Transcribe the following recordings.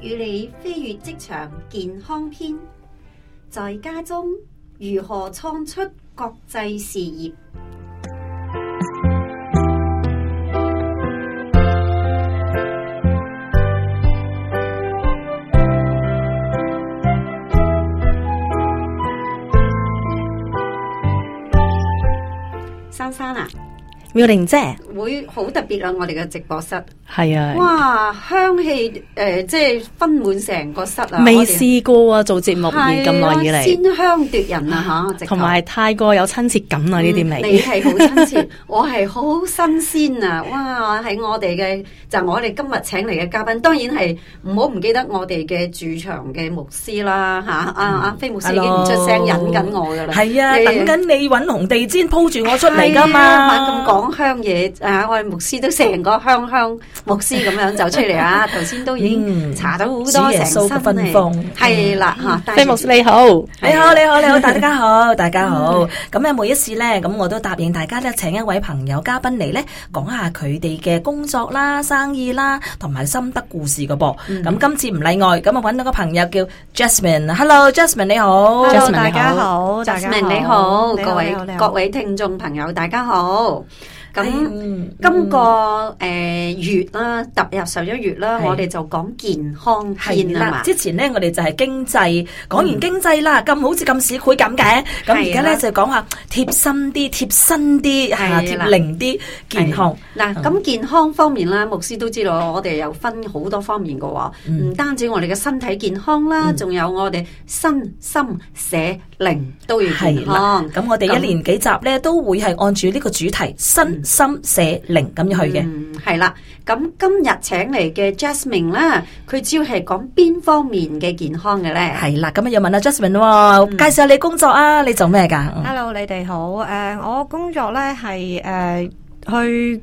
與你飛越職場健康篇，在家中如何創出國際事業？珊珊啊，妙玲姐。會好特別啊！我哋嘅直播室係啊，哇，香氣誒，即係分滿成個室啊！未試過啊，做節目咁耐以嚟，鮮香奪人啊，吓！同埋太過有親切感啊，呢啲味你係好親切，我係好新鮮啊！哇，喺我哋嘅就我哋今日請嚟嘅嘉賓，當然係唔好唔記得我哋嘅駐場嘅牧師啦，吓阿阿飛牧師已經唔出聲引緊我噶啦，係啊，等緊你揾紅地氈鋪住我出嚟噶嘛，猛咁講香嘢。啊！我哋牧師都成個香香牧師咁樣走出嚟啊！頭先都已經查到好多成身芬芳，係啦吓。飛牧師你好，你好你好你好，大家好，大家好。咁啊每一次咧，咁我都答應大家咧，請一位朋友嘉賓嚟咧，講下佢哋嘅工作啦、生意啦，同埋心得故事嘅噃。咁今次唔例外，咁啊揾到個朋友叫 Jasmine，Hello Jasmine，你好，Hello 大家好，Jasmine 你好，各位各位聽眾朋友大家好。咁今個誒月啦，踏入十一月啦，我哋就講健康係啦。之前咧，我哋就係經濟，講完經濟啦，咁好似咁市儈咁嘅。咁而家咧就講下貼心啲、貼身啲吓、貼靈啲健康。嗱，咁健康方面啦，牧師都知道，我哋有分好多方面嘅，唔單止我哋嘅身體健康啦，仲有我哋身心社靈都要健康。咁我哋一年幾集咧，都會係按住呢個主題身。心、舍、靈咁樣去嘅，係啦。咁今日請嚟嘅 Jasmine 咧，佢主要係講邊方面嘅健康嘅咧？係啦，咁樣要問阿 Jasmine 介紹下你工作啊，你做咩㗎？Hello，你哋好。誒，我工作咧係誒去。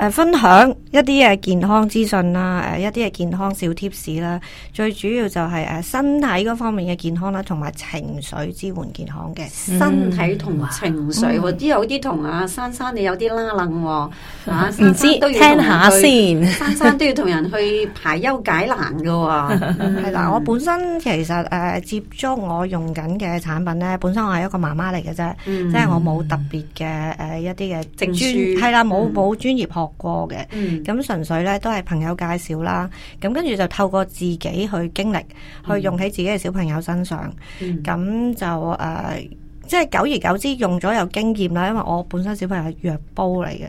誒分享一啲嘅健康資訊啦，誒一啲嘅健康小貼士啦，最主要就係誒身體嗰方面嘅健康啦，同埋情緒支援健康嘅、嗯、身體同情緒，嗯、我有啲同阿珊珊你有啲拉冷喎，嚇、嗯！唔知聽下先，珊珊都要同人去排憂解難噶喎。係啦、 嗯，我本身其實誒、呃、接觸我用緊嘅產品咧，本身我係一個媽媽嚟嘅啫，嗯、即係我冇特別嘅誒、呃、一啲嘅專係啦，冇冇輸、嗯、專業學。學過嘅，咁純、嗯、粹咧都係朋友介紹啦，咁跟住就透過自己去經歷，嗯、去用喺自己嘅小朋友身上，咁、嗯、就誒。Uh, 即係久而久之用咗有經驗啦，因為我本身小朋友藥煲嚟嘅，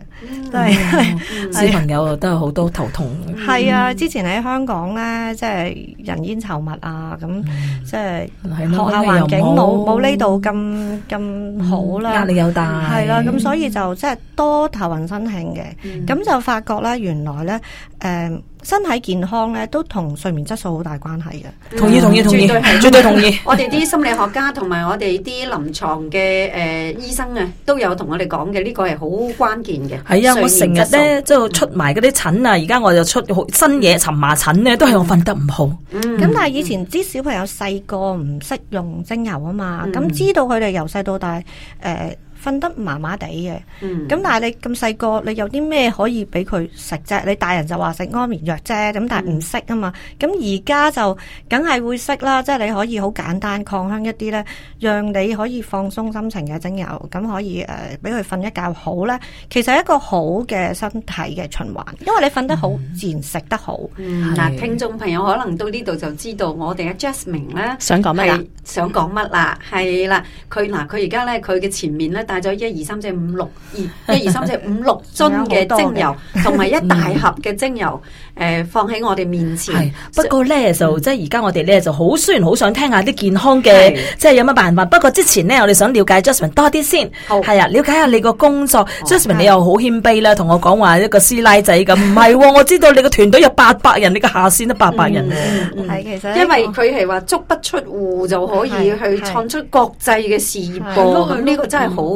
都係小朋友啊，都係好多頭痛。係啊，嗯、之前喺香港咧，即係人煙稠密啊，咁、嗯、即係、嗯、學校環境冇冇呢度咁咁好啦，壓、嗯、力又大，係啦、啊，咁所以就即係多頭暈身慶嘅，咁、嗯、就發覺咧，原來咧，嗯身體健康咧都同睡眠質素好大關係嘅、嗯，同意同意同意，絕對，絕對同意。 我哋啲心理學家同埋我哋啲臨床嘅誒醫生啊，呃、 都有同我哋講嘅，呢、呢個係好關鍵嘅。係啊的，我成日咧即係出埋嗰啲疹啊，而家、嗯、我就出新嘢沉麻疹咧，都係我瞓得唔好。咁但係以前啲小朋友細個唔識用精油啊嘛，咁、嗯、知道佢哋由細到大誒。呃瞓得麻麻地嘅，咁、嗯、但係你咁細個，你有啲咩可以俾佢食啫？你大人就話食安眠藥啫，咁但係唔識啊嘛。咁而家就梗係會識啦，即、就、係、是、你可以好簡單擴香一啲呢，讓你可以放鬆心情嘅精油，咁可以誒俾佢瞓一覺好呢。其實一個好嘅身體嘅循環，因為你瞓得好、嗯、自然，食得好。嗱、嗯，是聽眾朋友可能到呢度就知道我哋嘅 Jasmine 咧，想講乜呀？想講乜啦？係啦，佢嗱佢而家呢，佢嘅前面呢。買咗一二三四五六二一二三四五六樽嘅精油，同埋一大盒嘅精油，誒放喺我哋面前。不過呢，就即係而家我哋呢，就好，雖然好想聽下啲健康嘅，即係有乜辦法。不過之前呢，我哋想了解 Jasmine 多啲先。係啊，了解下你個工作。Jasmine 你又好謙卑啦，同我講話一個師奶仔咁，唔係，我知道你個團隊有八百人，你個下線都八百人。其實因為佢係話足不出戶就可以去創出國際嘅事業，呢個真係好。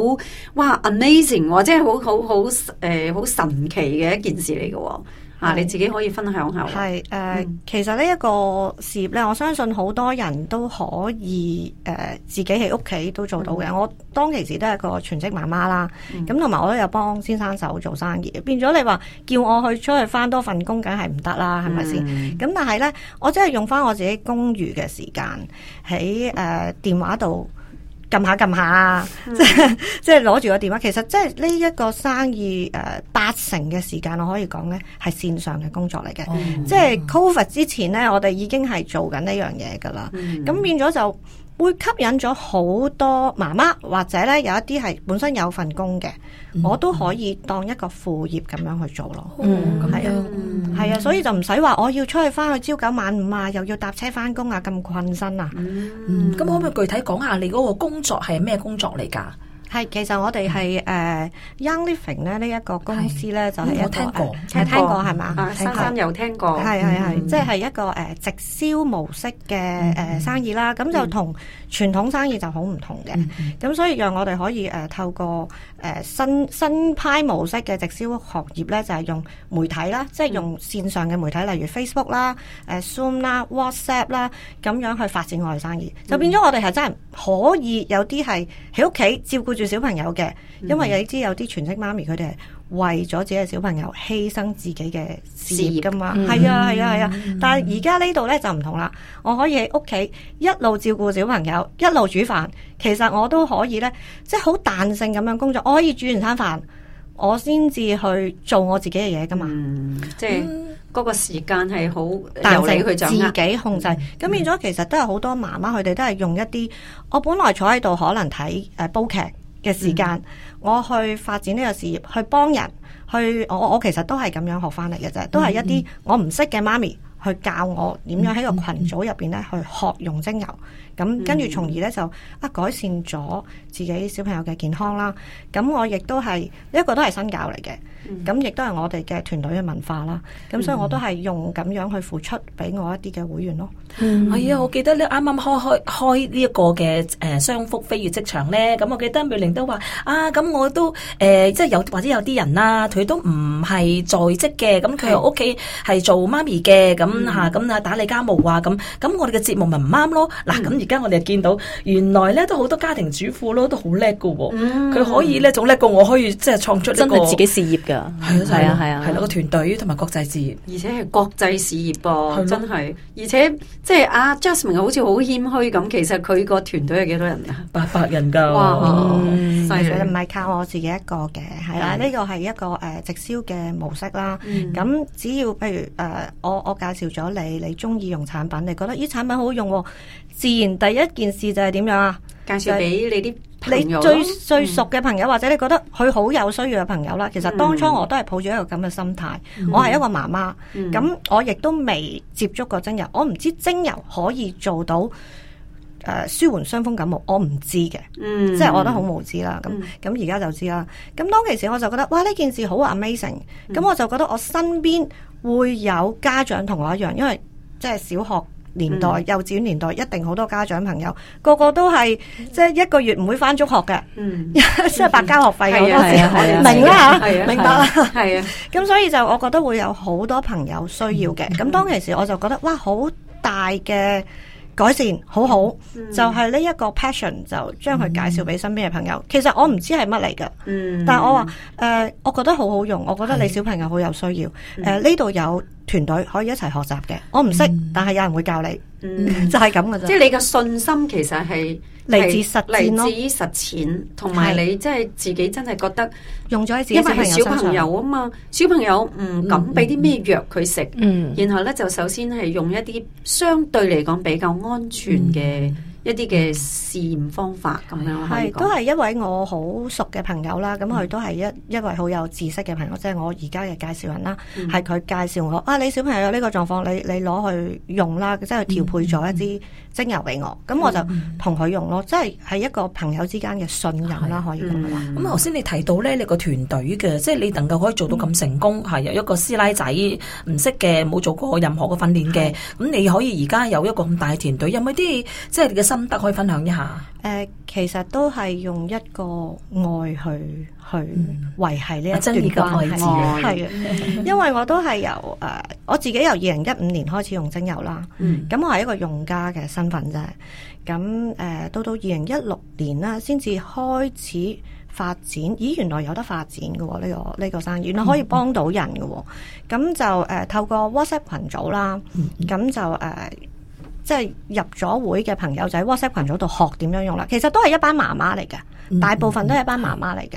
好哇，哇！Amazing，即係好好好誒，好、呃、神奇嘅一件事嚟嘅吓，你自己可以分享一下。係誒，呃嗯、其實呢一個事業咧，我相信好多人都可以誒、呃，自己喺屋企都做到嘅。嗯、我當其時都係一個全職媽媽啦，咁同埋我都有幫先生手做生意。變咗你話叫我去出去翻多份工，梗係唔得啦，係咪先？咁、嗯、但係咧，我真係用翻我自己公餘嘅時間喺誒、呃、電話度。撳下撳下即係攞住個電話，其實即係呢一個生意誒，呃、八成嘅時間我可以講呢係線上嘅工作嚟嘅。即係 COVID 之前呢，我哋已經係做緊呢樣嘢噶啦。咁、嗯、變咗就。會吸引咗好多媽媽，或者咧有一啲係本身有份工嘅，嗯、我都可以當一個副業咁樣去做咯。係、嗯嗯、啊，係、嗯、啊，所以就唔使話我要出去翻去朝九晚五啊，又要搭車翻工啊，咁困身啊。嗯，咁、嗯嗯、可唔可以具體講下你嗰個工作係咩工作嚟噶？係，其實我哋係誒 Young Living 咧，呢一個公司咧，就係一個，聽過係嘛？啊，珊珊有聽過，係係係，即係一個誒直銷模式嘅誒生意啦。咁就同傳統生意就好唔同嘅。咁所以讓我哋可以誒透過誒新新派模式嘅直銷行業咧，就係用媒體啦，即係用線上嘅媒體，例如 Facebook 啦、誒 Zoom 啦、WhatsApp 啦，咁樣去發展我哋生意，就變咗我哋係真係可以有啲係喺屋企照顧住小朋友嘅，因為你知有啲全職媽咪，佢哋係為咗自己嘅小朋友犧牲自己嘅事業噶嘛，係、嗯、啊係啊係啊，啊。但係而家呢度咧就唔同啦，我可以喺屋企一路照顧小朋友，一路煮飯。其實我都可以咧，即係好彈性咁樣工作。我可以煮完餐飯，我先至去做我自己嘅嘢噶嘛。嗯嗯、即係嗰個時間係好彈性，自己控制。咁、嗯、變咗其實都係好多媽媽，佢哋都係用一啲我本來坐喺度可能睇誒煲劇。嘅時間，mm hmm. 我去發展呢個事業，去幫人，去我我其實都係咁樣學翻嚟嘅啫，都係一啲我唔識嘅媽咪去教我點樣喺個群組入面咧去學用精油。咁、嗯、跟住，從而咧就啊改善咗自己小朋友嘅健康啦。咁我亦都係一個都係身教嚟嘅，咁亦都係我哋嘅團隊嘅文化啦。咁所以我都係用咁樣去付出俾我一啲嘅會員咯。嗯、哎呀，我記得你啱啱開開呢一個嘅誒、呃、商福飛越職場咧，咁我記得妙玲都話啊，咁我都誒、呃、即係有或者有啲人啦、啊，佢都唔係在職嘅，咁佢屋企係做媽咪嘅，咁咁啊打理家務啊咁，咁我哋嘅節目咪唔啱咯。嗱咁、嗯而家我哋又見到，原來咧都好多家庭主婦咯，都好叻㗎喎。佢可以咧仲叻過我，可以即係創出真係自己事業嘅。係啊係啊係啊，係啦，個團隊同埋國際事業，而且係國際事業噃，真係。而且即係阿 Jasmine 好似好謙虛咁，其實佢個團隊係幾多人啊？八百人㗎，哇！所以唔係靠我自己一個嘅，係啦。呢個係一個誒直銷嘅模式啦。咁只要譬如誒，我我介紹咗你，你中意用產品，你覺得咦，產品好用。自然第一件事就係點樣啊？介紹俾你啲你最、嗯、最熟嘅朋友，或者你覺得佢好有需要嘅朋友啦。嗯、其實當初我都係抱住一個咁嘅心態，嗯、我係一個媽媽，咁、嗯、我亦都未接觸過精油，我唔知精油可以做到、呃、舒緩傷風感冒，我唔知嘅，嗯、即係我覺得好無知啦。咁咁而家就知啦。咁當其時我就覺得哇，呢件事好 amazing，咁我就覺得我身邊會有家長同我一樣，因為即係小學。年代幼稚園年代，一定好多家長朋友，個個都係即係一個月唔會返足學嘅，即係白交學費嘅多。明啦，明白啦，咁所以就我覺得會有好多朋友需要嘅。咁當其時我就覺得哇，好大嘅。改善好好，嗯、就係呢一個 passion 就將佢介紹俾身邊嘅朋友。嗯、其實我唔知係乜嚟噶，嗯、但係我話誒、呃，我覺得好好用，我覺得你小朋友好有需要。誒，呢度有團隊可以一齊學習嘅。我唔識，嗯、但係有人會教你，嗯、就係咁嘅啫。即係你嘅信心，其實係。嚟自實，嚟自於實踐，同埋是你即係自己真係覺得用咗喺小朋友身上。因為小朋友啊嘛，小朋友唔敢俾啲咩藥佢食，嗯嗯嗯、然後呢，就首先係用一啲相對嚟講比較安全嘅。嗯一啲嘅試驗方法咁樣係都係一位我好熟嘅朋友啦，咁佢都係一一位好有知識嘅朋友，即係我而家嘅介紹人啦，係佢、嗯、介紹我啊，你小朋友有呢個狀況，你你攞去用啦，即係調配咗一支精油俾我，咁我就同佢用咯，即係係一個朋友之間嘅信任啦，可以咁話。咁頭先你提到咧，你個團隊嘅，即係你能夠可以做到咁成功，係、嗯、有一個師奶仔唔識嘅，冇做過任何嘅訓練嘅，咁、嗯、你可以而家有一個咁大嘅團隊，有冇啲即係你嘅？心得可以分享一下？誒、呃，其實都係用一個愛去去維、嗯、係呢一個親密嘅愛，係啊，因為我都係由誒、uh, 我自己由二零一五年開始用精油啦，咁、嗯、我係一個用家嘅身份啫。咁誒、uh, 到到二零一六年啦，先至開始發展，咦，原來有得發展嘅呢、呢個呢、呢個生意，原來可以幫到人嘅。咁、嗯、就誒、uh, 透過 WhatsApp 群組啦，咁、嗯嗯、就誒。Uh, 即係入咗會嘅朋友就喺 WhatsApp 群組度學點樣用啦，其實都係一班媽媽嚟嘅，嗯、大部分都係一班媽媽嚟嘅。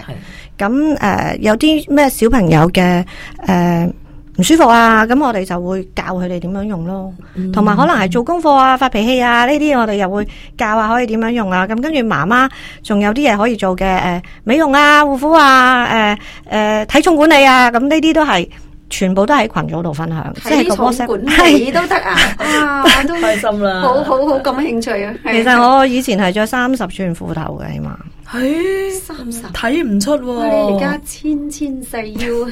咁誒、嗯嗯呃，有啲咩小朋友嘅誒唔舒服啊，咁我哋就會教佢哋點樣用咯。同埋、嗯、可能係做功課啊、發脾氣啊呢啲，這些我哋又會教下可以點樣用啊。咁跟住媽媽仲有啲嘢可以做嘅，誒、呃，美容啊、護膚啊、誒、呃、誒、呃、體重管理啊，咁呢啲都係。全部都喺群組度分享，即係個 WhatsApp 管理都得啊！哇、 啊，我都開心啦，好好好咁興趣啊！其實我以前係着三十寸褲頭嘅，起碼係三十，睇唔 30? 出喎。你而家千千細腰。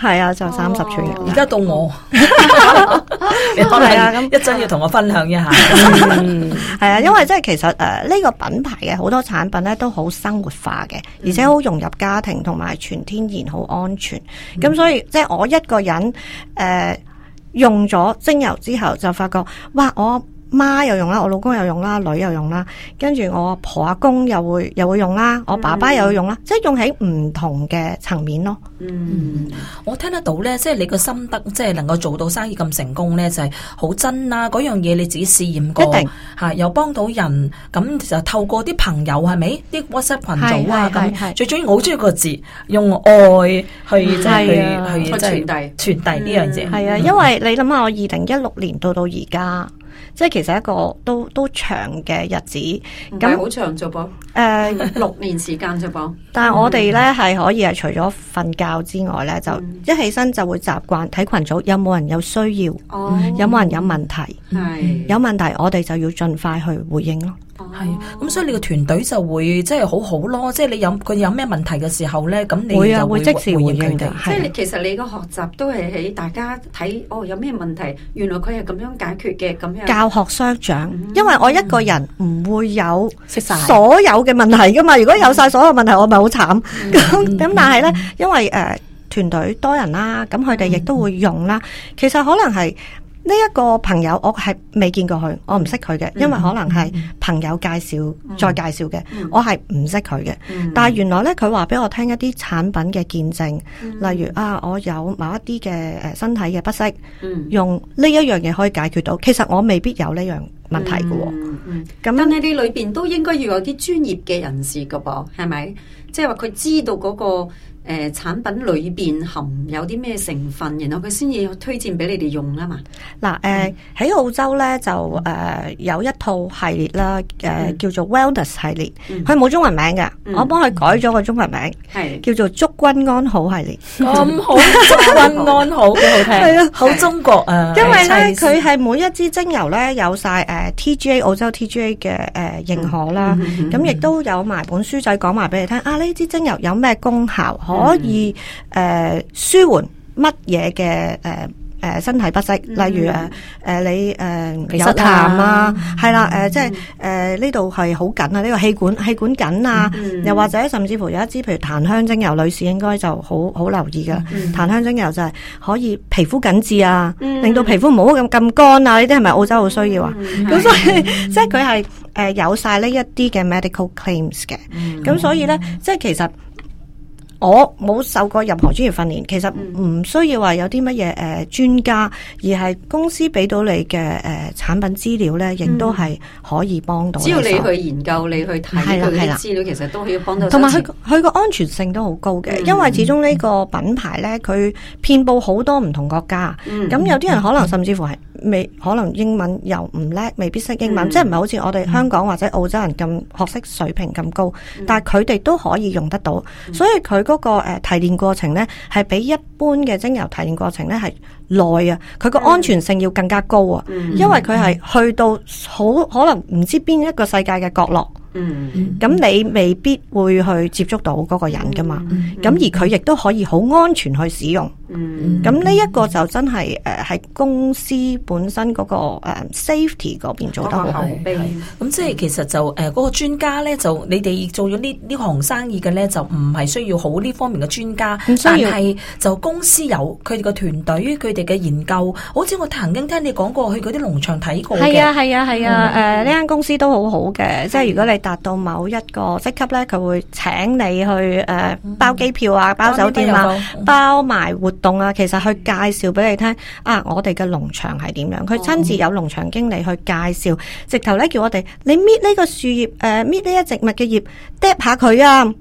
係 啊，就三十寸。而家到我，係啊，咁一陣要同我分享一下。係 啊，因為即係其實誒呢個品牌嘅好多產品咧都好生活化嘅，而且好融入家庭，同埋全天然，好安全。咁 所以即係我一個人誒用咗精油之後，就發覺哇我。媽又用啦，我老公又用啦，女又用啦，跟住我阿婆阿公又會又會用啦，我爸爸又會用啦，嗯、即係用喺唔同嘅層面咯。嗯，我聽得到咧，即、就、係、是、你個心得，即、就、係、是、能夠做到生意咁成功咧，就係、是、好真啦。嗰樣嘢你自己試驗過吓，又幫到人，咁就透過啲朋友係咪？啲 WhatsApp 群組啊，咁最中意我好中意個字，用愛去即係、嗯嗯、去去即係傳遞傳遞呢樣嘢。係、嗯、啊，因為、嗯、你諗下我二零一六年到到而家。即係其實一個都都長嘅日子，咁好長啫噃，誒那、嗯、六年時間啫噃。但係我哋咧係可以係除咗瞓覺之外咧，就一起身就會習慣睇群組有冇人有需要，哦、有冇人有問題，的有問題我哋就要盡快去回應咯。係，咁所以你個團隊就會即係好好咯，即係你有佢有咩問題嘅時候呢，咁你就會即時回應佢哋。即係你其實你個學習都係喺大家睇哦，有咩問題？原來佢係咁樣解決嘅，咁樣教學相長。因為我一個人唔會有所有嘅問題噶嘛，如果有晒所有問題，我咪好慘。咁咁但係呢，因為誒團隊多人啦，咁佢哋亦都會用啦。其實可能係。呢一個朋友，我係未見過佢，我唔識佢嘅，因為可能係朋友介紹、嗯、再介紹嘅，嗯、我係唔識佢嘅。嗯、但係原來呢，佢話俾我聽一啲產品嘅見證，嗯、例如啊，我有某一啲嘅身體嘅不適，嗯、用呢一樣嘢可以解決到。其實我未必有呢樣問題㗎喎。咁、嗯嗯、那但係呢裏邊都應該要有啲專業嘅人士㗎噃，係咪？即係話佢知道嗰、那個。誒產品裏面含有啲咩成分，然後佢先至推薦俾你哋用啊嘛。嗱，誒喺澳洲咧就誒有一套系列啦，誒叫做 Wellness 系列，佢冇中文名嘅，我幫佢改咗個中文名，係叫做祝君安好系列。咁好祝君安好，好好中國啊！因為咧，佢係每一支精油咧有晒 TGA 澳洲 TGA 嘅誒認可啦，咁亦都有埋本書仔講埋俾你聽。啊，呢支精油有咩功效？可可以誒舒緩乜嘢嘅誒身體不適，例如誒你誒有痰啊，係啦誒，即係誒呢度係好緊啊，呢個氣管氣管緊啊，又或者甚至乎有一支譬如檀香精油，女士應該就好好留意㗎。檀香精油就係可以皮膚緊緻啊，令到皮膚唔好咁咁乾啊，呢啲係咪澳洲好需要啊？咁所以即係佢係誒有晒呢一啲嘅 medical claims 嘅，咁所以咧即係其實。我冇受過任何專業訓練，其實唔需要話有啲乜嘢誒專家，嗯、而係公司俾到你嘅誒產品資料呢，亦、嗯、都係可以幫到你。只要你去研究，你去睇佢啲資料，其實都可以幫到。同埋佢佢個安全性都好高嘅，嗯、因為始終呢個品牌呢，佢遍佈好多唔同國家。咁、嗯、有啲人可能甚至乎係未可能英文又唔叻，未必識英文，嗯、即係唔係好似我哋香港或者澳洲人咁學識水平咁高，嗯、但係佢哋都可以用得到，嗯、所以佢。嗰個誒提煉過程咧，係比一般嘅精油提煉過程咧係耐啊，佢個安全性要更加高啊，因為佢係去到好可能唔知邊一個世界嘅角落。嗯，咁、嗯、你未必會去接觸到嗰個人噶嘛、嗯？咁、嗯嗯嗯、而佢亦都可以好安全去使用、嗯。咁呢一個就真係誒，喺公司本身嗰個誒 safety 嗰邊做得好。咁即係其實就誒，嗰個專家咧就你哋做咗呢呢行生意嘅咧，就唔係需要好呢方面嘅專家，嗯、所以但係就公司有佢哋個團隊，佢哋嘅研究。好似我曾經聽你講過，去嗰啲農場睇過嘅，係啊，係啊，係啊。誒、嗯，呢間、uh, 公司都好好嘅，是即係如果你。達到某一個職級咧，佢會請你去誒包機票啊，包酒店啊，包埋活動啊。其實去介紹俾你聽啊，我哋嘅農場係點樣？佢親自有農場經理去介紹，直頭咧叫我哋你搣呢個樹葉誒搣呢一植物嘅葉，drop 下佢啊，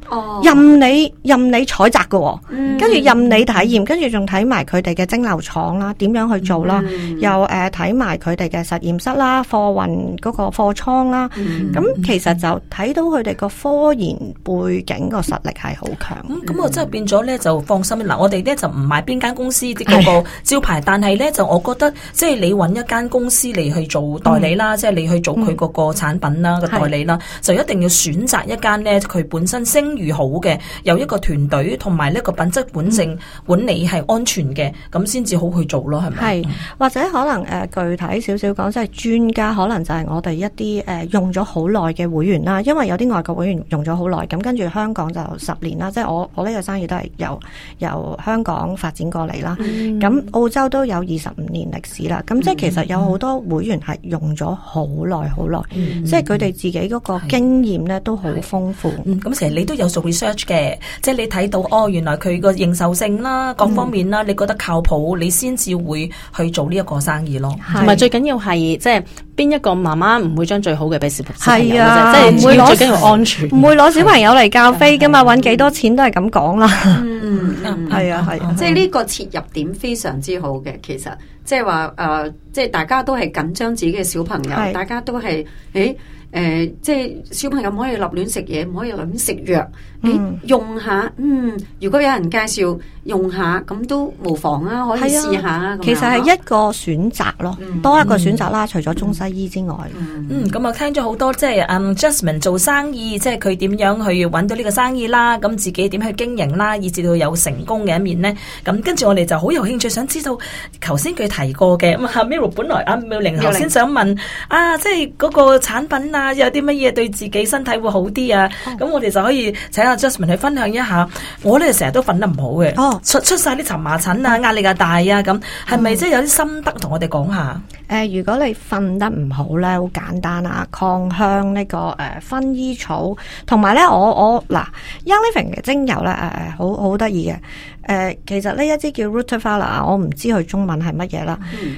任你任你採摘嘅，跟住任你體驗，跟住仲睇埋佢哋嘅蒸餾廠啦，點樣去做啦？又誒睇埋佢哋嘅實驗室啦，貨運嗰個貨倉啦，咁其實就。睇到佢哋個科研背景個實力係好強，咁咁我真係變咗咧就放心。嗱，我哋咧就唔買邊間公司啲嗰個招牌，是的 但係咧就我覺得，即、就、係、是、你揾一間公司嚟去做代理啦，嗯、即係你去做佢嗰個產品啦個、嗯、代理啦，是的 就一定要選擇一間咧佢本身聲譽好嘅，有一個團隊同埋呢個品質管性管理係安全嘅，咁先至好去做咯，係咪？係或者可能誒、呃、具體少少講，即係專家可能就係我哋一啲誒、呃、用咗好耐嘅會員。啦，因為有啲外國會員用咗好耐，咁跟住香港就十年啦，即係我我呢個生意都係由由香港發展過嚟啦。咁澳洲都有二十五年歷史啦，咁即係其實有好多會員係用咗好耐好耐，即係佢哋自己嗰個經驗咧都好豐富。咁其實你都有做 research 嘅，即係你睇到哦，原來佢個認受性啦，各方面啦，你覺得靠譜，你先至會去做呢一個生意咯。同埋最緊要係即係邊一個媽媽唔會將最好嘅俾小仆。係啊，唔會攞安全，唔會攞小朋友嚟教飛噶嘛，揾幾多錢都係咁講啦。嗯嗯，係啊係啊，即係呢個切入點非常之好嘅。其實即係話誒，即係大家都係緊張自己嘅小朋友，大家都係誒誒、嗯，即係小朋友唔可以立亂食嘢，唔可以立亂食藥。哎、用下，嗯，如果有人介紹用下，咁都無妨啊，可以試下。啊、樣其實係一個選擇咯，嗯、多一個選擇啦，嗯、除咗中西醫之外。嗯，咁我聽咗好多即係、嗯、Jasmine 做生意，即係佢點樣去搵到呢個生意啦？咁自己點去經營啦？以至到有成功嘅一面呢。咁、嗯、跟住我哋就好有興趣想知道，頭先佢提過嘅咁、嗯啊、Miru 本來阿妙玲頭先想問 iel 啊，即係嗰個產品啊！有啲乜嘢對自己身體會好啲啊？咁、oh. 我哋就可以請阿 Jasmine 去分享一下。我哋成日都瞓得唔好嘅，oh.，出出晒啲蕁麻疹啊，壓力又大啊，咁係咪即係有啲心得同我哋講下？誒、嗯呃，如果你瞓得唔好咧，好簡單啊，擴香呢、這個誒薰衣草，同埋咧我我嗱 Young Living 嘅精油咧誒誒，好好得意嘅。誒、呃，其實呢一支叫 RutaVaLa 啊，我唔知佢中文係乜嘢啦。嗯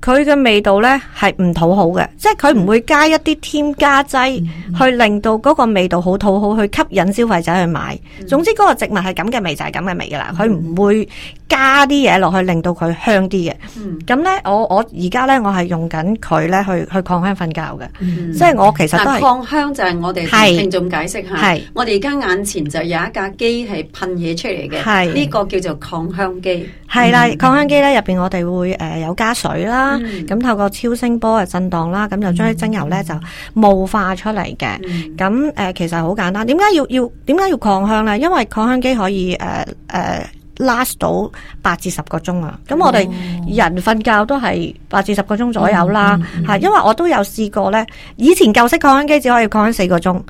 佢嘅味道呢係唔討好嘅，即係佢唔會加一啲添加劑、嗯、去令到嗰個味道好討好，去吸引消費者去買。嗯、總之嗰個植物係咁嘅味就係咁嘅味噶啦，佢唔會加啲嘢落去，令到佢香啲嘅。咁、嗯、呢，我我而家呢，我係用緊佢呢去去擴香瞓覺嘅。嗯、即係我其實都係擴香，就係我哋聽眾解釋下。係是我哋而家眼前就有一架機係噴嘢出嚟嘅。係呢是個叫做擴香機。係啦的，擴、嗯、香機呢入邊我哋會誒有加水啦，咁、嗯、透過超聲波嘅震盪啦，咁、嗯、就將啲精油呢就霧化出嚟嘅。咁誒、嗯、其實好簡單，點解要要點解要擴香呢？因為擴香機可以誒誒。呃呃 Last 到八至十個鐘啊！咁、哦、我哋人瞓覺都係八至十個鐘左右啦，因為我都有試過咧。以前舊式擴香機只可以擴香四個鐘，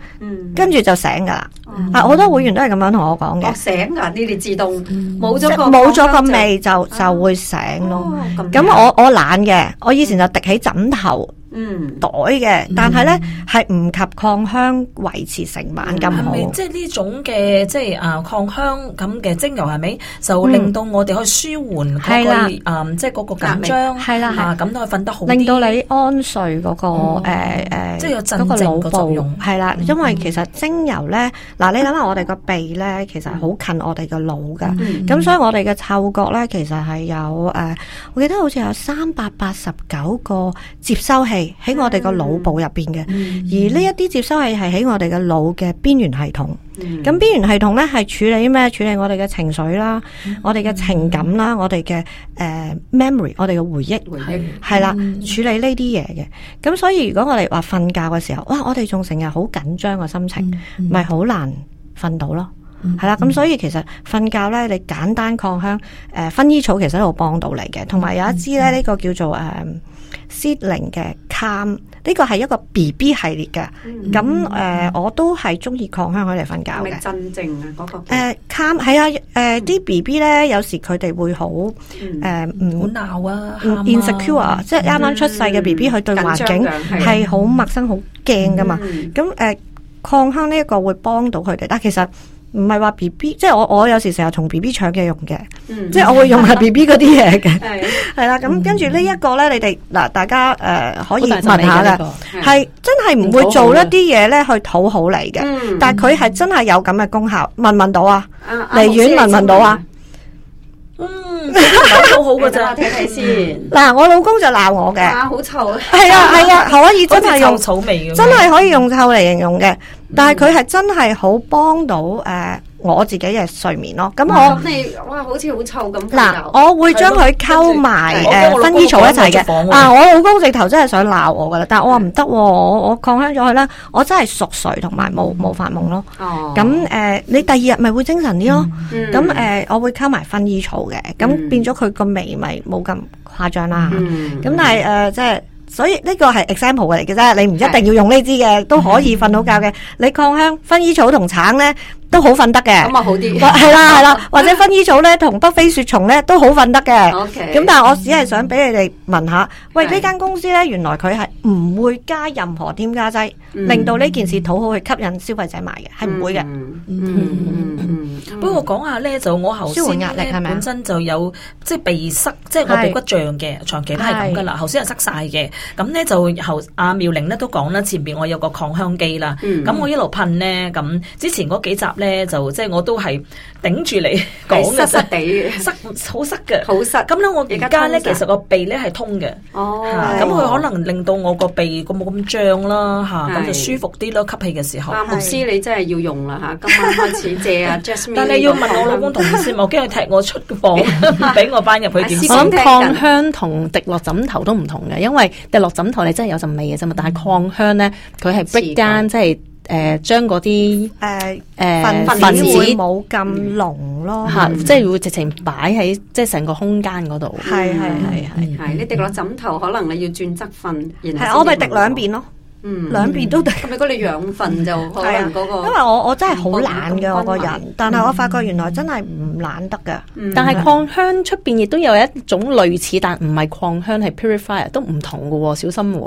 跟住、嗯、就醒噶啦。啊、嗯，好是多會員都係咁樣同我講嘅、哦。醒㗎，你哋自動冇咗個冇咗個味就就會醒咯。咁、嗯哦、我我懶嘅，我以前就滴喺枕頭。嗯嗯嗯，袋嘅，但係咧係唔及抗香維持成晚咁好。係咪即係呢種嘅即係啊抗香咁嘅精油係咪就令到我哋可以舒緩嗰個啊即係嗰個緊張，係啦，吓咁都可以瞓得好。令到你安睡嗰個誒誒，即係有鎮靜嘅作用。係啦，因為其實精油咧嗱，你諗下我哋個鼻咧，其實好近我哋個腦噶，咁所以我哋嘅嗅覺咧其實係有誒，我記得好似有三百八十九個接收器。喺我哋個腦部入邊嘅，yeah. mm hmm. 而呢一啲接收器係喺我哋嘅腦嘅邊緣系統。咁邊緣系統呢係處理咩？處理我哋嘅情緒啦，mm hmm. 我哋嘅情感啦，mm hmm. 我哋嘅誒 memory，我哋嘅回憶，係、mm hmm. 啦，mm hmm. 處理呢啲嘢嘅。咁所以如果我哋話瞓覺嘅時候，哇，我哋仲成日好緊張嘅心情，咪好、mm hmm. 難瞓到咯。係、mm hmm. 啦，咁所以其實瞓覺呢，你簡單擴香，誒薰衣草其實都、mm hmm. 有幫到你嘅，同埋有一支咧呢、這個叫做誒。呃 C 零嘅 Calm 呢個係一個 B B 系列嘅，咁誒我都係中意擴香佢嚟瞓覺嘅，真正嗰個誒 Calm 係啊，誒啲 B B 咧有時佢哋會好誒唔好鬧啊，唔 insecure 即係啱啱出世嘅 B B 佢對環境係好陌生好驚噶嘛，咁誒擴香呢一個會幫到佢哋，但其實。唔係話 B B，即係我我有時成日同 B B 搶嘅用嘅，即係我會用下 B B 嗰啲嘢嘅，係啦。咁跟住呢一個咧，你哋嗱大家誒可以問下嘅，係真係唔會做一啲嘢咧去討好你嘅，但係佢係真係有咁嘅功效。問問到啊，離遠問問到啊，嗯，好好嘅啫。睇睇先。嗱，我老公就鬧我嘅，啊好臭，係啊，係啊，可以真係用草味，真係可以用臭嚟形容嘅。但係佢係真係好幫到誒我自己嘅睡眠咯，咁我你哇好似好臭咁。嗱，我會將佢溝埋誒薰衣草一齊嘅。啊，我老公直頭真係想鬧我噶啦，但係我話唔得，我我擴香咗佢啦，我真係熟睡同埋冇冇發夢咯。哦，咁誒，你第二日咪會精神啲咯。嗯，咁誒，我會溝埋薰衣草嘅，咁變咗佢個味咪冇咁誇張啦。嗯，咁但係誒即係。所以呢個係 example 嚟嘅啫，你唔一定要用呢支嘅，都的可以瞓到覺嘅。你抗香薰衣草同橙呢，都好瞓得嘅，咁啊好啲，係啦係啦，或者薰衣草咧同北非雪松咧都好瞓得嘅。O K，咁但係我只係想俾你哋問下，喂呢間公司咧原來佢係唔會加任何添加劑，令到呢件事討好去吸引消費者買嘅，係唔會嘅。嗯嗯不過講下咧就我後先咧舒緩壓力本身就有即係鼻塞，即係我鼻骨脹嘅，長期都係咁噶啦。頭先係塞晒嘅，咁咧就後阿妙玲咧都講啦，前邊我有個抗香機啦，咁我一路噴咧，咁之前嗰幾集。咧就即係我都係頂住你講嘅，塞塞地，塞好塞嘅，好塞。咁咧我而家咧其實個鼻咧係通嘅。哦，咁佢可能令到我個鼻咁冇咁脹啦，吓咁就舒服啲咯。吸氣嘅時候，牧師你真係要用啦吓，今晚開始借啊。但係要問我老公同牧師，我驚佢踢我出房，唔俾我擺入去。我講擴香同滴落枕頭都唔同嘅，因為滴落枕頭你真係有陣味嘅啫嘛，但係擴香咧佢係 break down 即係。誒，將嗰啲誒誒分子冇咁濃咯，吓即係會直情擺喺即係成個空間嗰度。係係係係，係你滴落枕頭，可能你要轉側瞓，然係我咪滴兩邊咯，嗯，兩邊都滴。咁如果你仰瞓就好個。因為我我真係好懶嘅我個人，但係我發覺原來真係唔懶得噶。但係擴香出邊亦都有一種類似，但唔係擴香，係 purifier，都唔同噶，小心。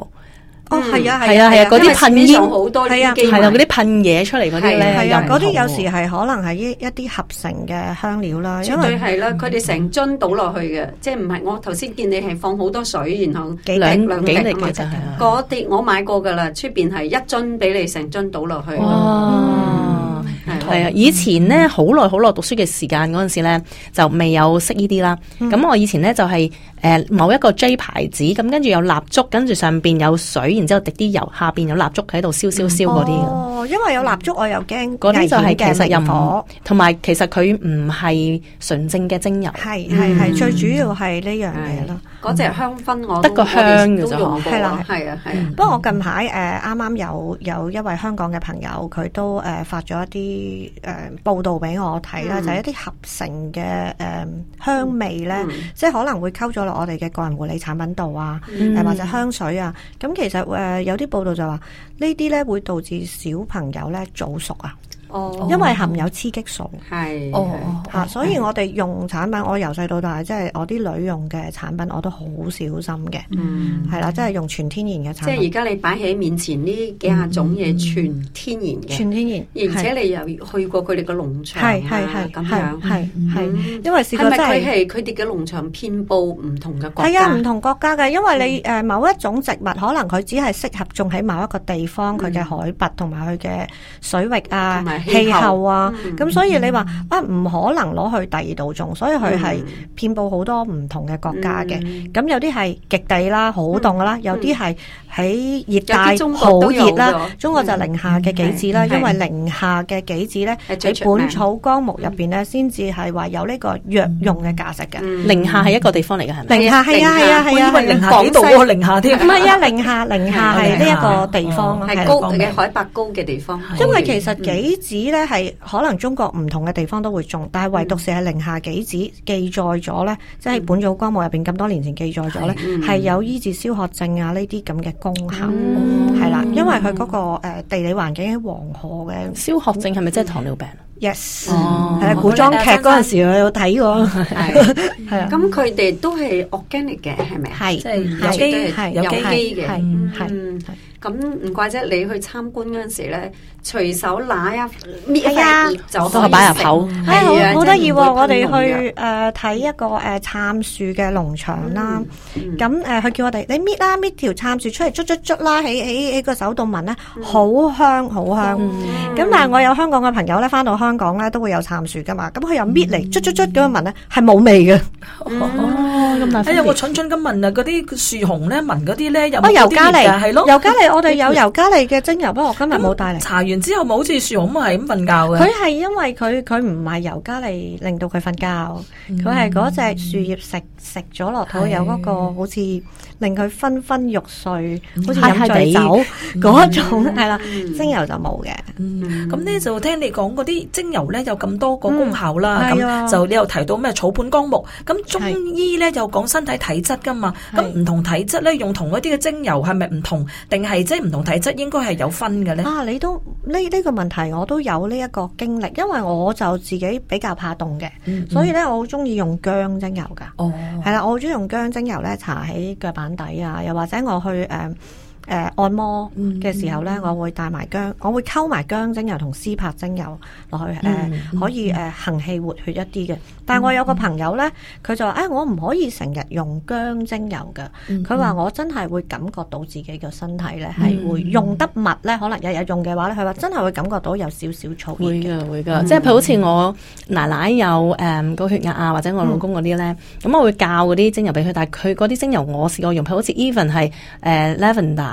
哦，係啊，係啊，係啊，嗰啲噴煙，係啊，係啊，嗰啲噴嘢出嚟嗰啲咧，係啊，嗰啲有時係可能係一一啲合成嘅香料啦。絕對係啦，佢哋成樽倒落去嘅，即係唔係我頭先見你係放好多水，然後幾兩幾粒咪得。嗰啲我買過噶啦，出邊係一樽俾你，成樽倒落去。哦，係啊，以前咧好耐好耐讀書嘅時間嗰陣時咧，就未有識呢啲啦。咁我以前咧就係。誒某一個 J 牌子咁，跟住有蠟燭，跟住上邊有水，然之後滴啲油，下邊有蠟燭喺度燒燒燒嗰啲。哦，因為有蠟燭，我又驚嗰啲就係其實引火，同埋其實佢唔係純正嘅精油。係係係，最主要係呢樣嘢咯。嗰隻香薰我得個香嘅啫，係啦，係啊，係啊。不過我近排啱啱有有一位香港嘅朋友，佢都誒發咗一啲誒報道俾我睇啦，就係一啲合成嘅誒香味咧，即係可能會溝咗落。我哋嘅個人護理產品度啊，嗯、或者香水啊，咁其實誒有啲報道就話呢啲呢會導致小朋友呢早熟啊。哦，因為含有刺激素，哦所以我哋用產品，我由細到大，即係我啲女用嘅產品，我都好小心嘅，嗯，係啦，即係用全天然嘅產品。即係而家你擺喺面前呢幾廿種嘢，全天然嘅，全天然，而且你又去過佢哋個農場，係係係咁樣，係係，因為試過真係。係咪佢係佢哋嘅農場遍布唔同嘅國家？係啊，唔同國家嘅，因為你某一種植物，可能佢只係適合種喺某一個地方，佢嘅海拔同埋佢嘅水域啊。氣候啊，咁所以你話啊，唔可能攞去第二度種，所以佢係遍佈好多唔同嘅國家嘅。咁有啲係極地啦，好凍㗎啦；有啲係喺熱帶好熱啦。中國就零下嘅杞子啦，因為零下嘅杞子咧喺《本草綱目》入邊咧，先至係話有呢個藥用嘅價值嘅。零下係一個地方嚟嘅，係咪？零下係啊係啊係啊，因為零下幾度啊，零下啲唔係啊，零下零下係呢一個地方，係高嘅海拔高嘅地方。因為其實杞子。子咧係可能中國唔同嘅地方都會種，但係唯獨是喺零下幾子記載咗咧，即係本草綱目入邊咁多年前記載咗咧，係有醫治消渴症啊呢啲咁嘅功效，係啦，因為佢嗰個誒地理環境喺黃河嘅。消渴症係咪即係糖尿病？Yes，係啊，古裝劇嗰陣時我有睇過，係啊，咁佢哋都係 organic 嘅係咪？係即係有機有機嘅，係。咁唔怪啫，你去參觀嗰陣時咧，隨手拿一搣一搣，就都係擺入口。哎，好好得意喎！我哋去誒睇一個誒杉樹嘅農場啦。咁誒，佢叫我哋你搣啦，搣條杉樹出嚟，捽捽捽啦，喺喺喺個手度聞咧，好香好香。咁但係我有香港嘅朋友咧，翻到香港咧都會有杉樹㗎嘛。咁佢又搣嚟捽捽捽咁樣聞咧，係冇味嘅。哎呀！我蠢蠢咁問啊，嗰啲樹熊咧聞嗰啲咧又，哦尤加利係咯，尤加利我哋有尤加利嘅精油啊，不過我今日冇帶嚟。搽完之後冇好似樹熊咁係咁瞓覺嘅。佢係因為佢佢唔係尤加利令到佢瞓覺，佢係嗰隻樹葉食食咗落肚，有嗰個好似令佢昏昏欲睡，好似飲醉酒嗰種係啦。精油就冇嘅。咁呢就聽你講嗰啲精油咧有咁多個功效啦。咁就你又提到咩草本綱目，咁中醫咧就。我講身體體質噶嘛，咁唔同體質咧，用同一啲嘅精油係咪唔同？定係即係唔同體質應該係有分嘅咧？啊，你都呢呢、這個問題我都有呢一個經歷，因為我就自己比較怕凍嘅，嗯嗯所以咧我好中意用薑精油噶，係啦、哦，我好中意用薑精油咧搽喺腳板底啊，又或者我去誒。嗯誒、uh, 按摩嘅時候咧、mm hmm.，我會帶埋薑，我會溝埋薑精油同絲柏精油落去、mm hmm. uh, 可以誒、uh, 行氣活血一啲嘅。但係我有個朋友咧，佢就話：誒、hmm. 哎、我唔可以成日用薑精油嘅。佢話、mm hmm. 我真係會感覺到自己嘅身體咧，係、mm hmm. 會用得密咧。可能日日用嘅話咧，佢話真係會感覺到有少少燥熱嘅。會嘅，會嘅、mm。Hmm. 即係好似我奶奶有誒高、um, 血壓啊，或者我老公嗰啲咧，咁、mm hmm. 嗯、我會教嗰啲精油俾佢。但係佢嗰啲精油我試過用，好似 even 係 lavender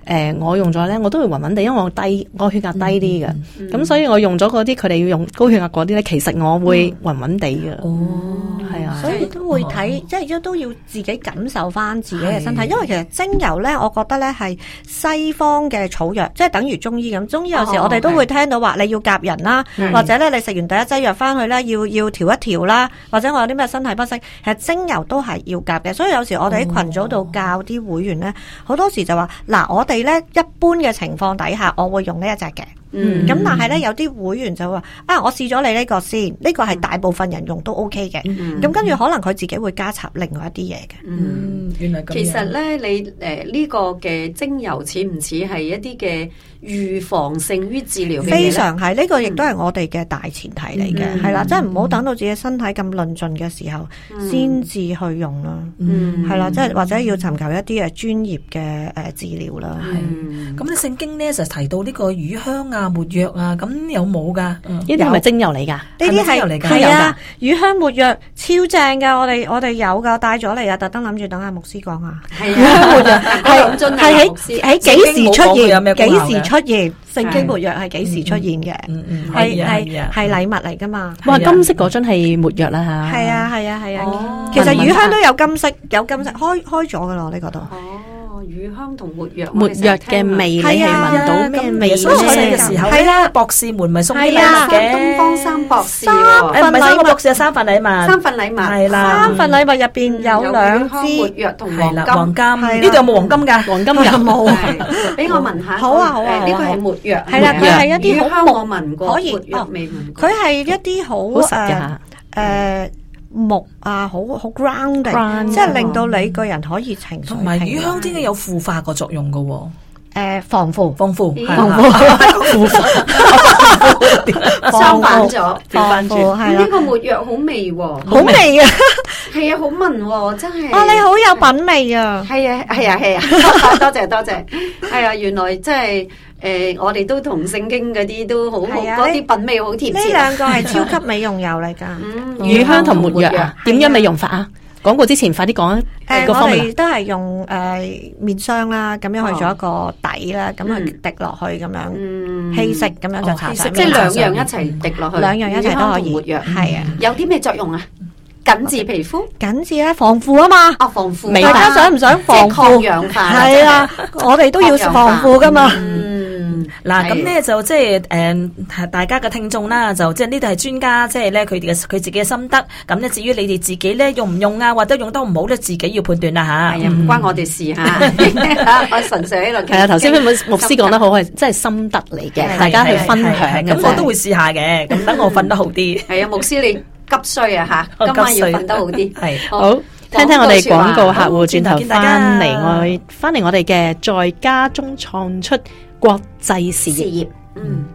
誒、呃，我用咗咧，我都會暈暈地，因為我低，我血壓低啲嘅，咁、嗯嗯嗯、所以我用咗嗰啲，佢哋要用高血壓嗰啲咧，其實我會暈暈地嘅。哦，係啊的，所以都會睇，哦、即係都都要自己感受翻自己嘅身體，的因為其實精油咧，我覺得咧係西方嘅草藥，即係等於中醫咁。中醫有時我哋都會聽到話你要夾人啦，哦、或者咧的你食完第一劑藥翻去咧，要要調一調啦，或者我有啲咩身體不適，其實精油都係要夾嘅。所以有時我哋喺群組度教啲會員咧，好、哦、多時就話嗱我。係咧一般嘅情況底下，我會用這一隻的、嗯、呢一隻嘅。咁但係咧，有啲會員就會話啊，我試咗你呢、這個先，呢、這個係大部分人用都 OK 嘅。咁跟住可能佢自己會加插另外一啲嘢嘅。嗯，原來咁。其實咧，你誒呢個嘅精油似唔似係一啲嘅？預防勝於治療，非常係呢個，亦都係我哋嘅大前提嚟嘅。係啦，即係唔好等到自己身體咁論盡嘅時候，先至去用啦，係啦，即係或者要尋求一啲誒專業嘅誒治療啦。係咁，你聖經咧就提到呢個乳香啊、沒藥啊，咁有冇噶？呢啲係咪精油嚟噶？呢啲係。係啊，乳香沒藥超正噶，我哋我哋有噶，帶咗嚟啊，特登諗住等阿牧師講啊下。乳香沒藥係係喺喺幾時出現？幾時？出現聖經沒藥係幾時出現嘅？係禮物嚟㗎嘛！哇，金色嗰樽係沒藥啦嚇！係啊係啊係啊！其實乳香都有金色，有金色開開咗㗎啦！呢個都。哦。乳香同沒藥，沒藥嘅味你係聞到咩味？所以佢嘅時候，係啦，博士們咪送啲東方三博士，三份禮物，博士有三份禮物，三份禮物，係啦，三份禮物入邊有兩支，係啦，黃金，呢度有冇黃金嘅，黃金有冇？俾我聞下，好啊好啊，呢個係沒藥，係啦，佢係一啲好，乳香我聞過，可以沒藥未聞過，佢係一啲好誒誒。木啊，好好 grounding，即係令到你個人可以情緒同埋，乳香真係有腐化個作用噶。誒，防腐，防腐，防腐，收返咗，防腐係啦。呢個沒藥好味，好味啊，係啊，好聞，真係。哇，你好有品味啊！係啊，係啊，係啊，多謝多謝，係啊，原來真係。誒，我哋都同聖經嗰啲都好好，嗰啲品味好貼切。呢兩個係超級美容油嚟噶，乳香同沒藥啊？點樣美容法啊？廣告之前快啲講啊！誒，我哋都係用誒面霜啦，咁樣去做一個底啦，咁啊滴落去咁樣，氣色咁樣就搽晒。即係兩樣一齊滴落去，兩樣一齊都可以。乳香同沒藥係啊？有啲咩作用啊？緊緻皮膚，緊緻啊，防腐啊嘛。啊，防腐，大家想唔想防腐啊？係啊，我哋都要防腐噶嘛。嗱，咁咧就即係誒，大家嘅聽眾啦，就即係呢度係專家，即係咧佢哋嘅，佢自己嘅心得。咁咧至於你哋自己咧用唔用啊，或者用得唔好咧，自己要判斷啦吓。係啊，唔關我哋事吓，我純粹喺度。係啊，頭先牧師講得好，係真係心得嚟嘅，大家去分享。咁我都會試下嘅。咁等我瞓得好啲。係啊，牧師你急需啊吓，今晚要瞓得好啲。係好，聽聽我哋廣告客戶轉頭大家嚟，我翻嚟我哋嘅在家中創出。國際事，事業，嗯。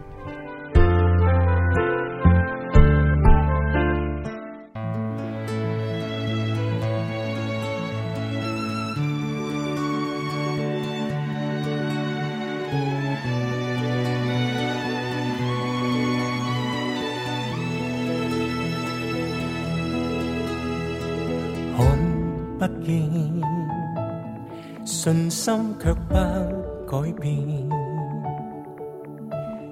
看不見，信心卻不改變。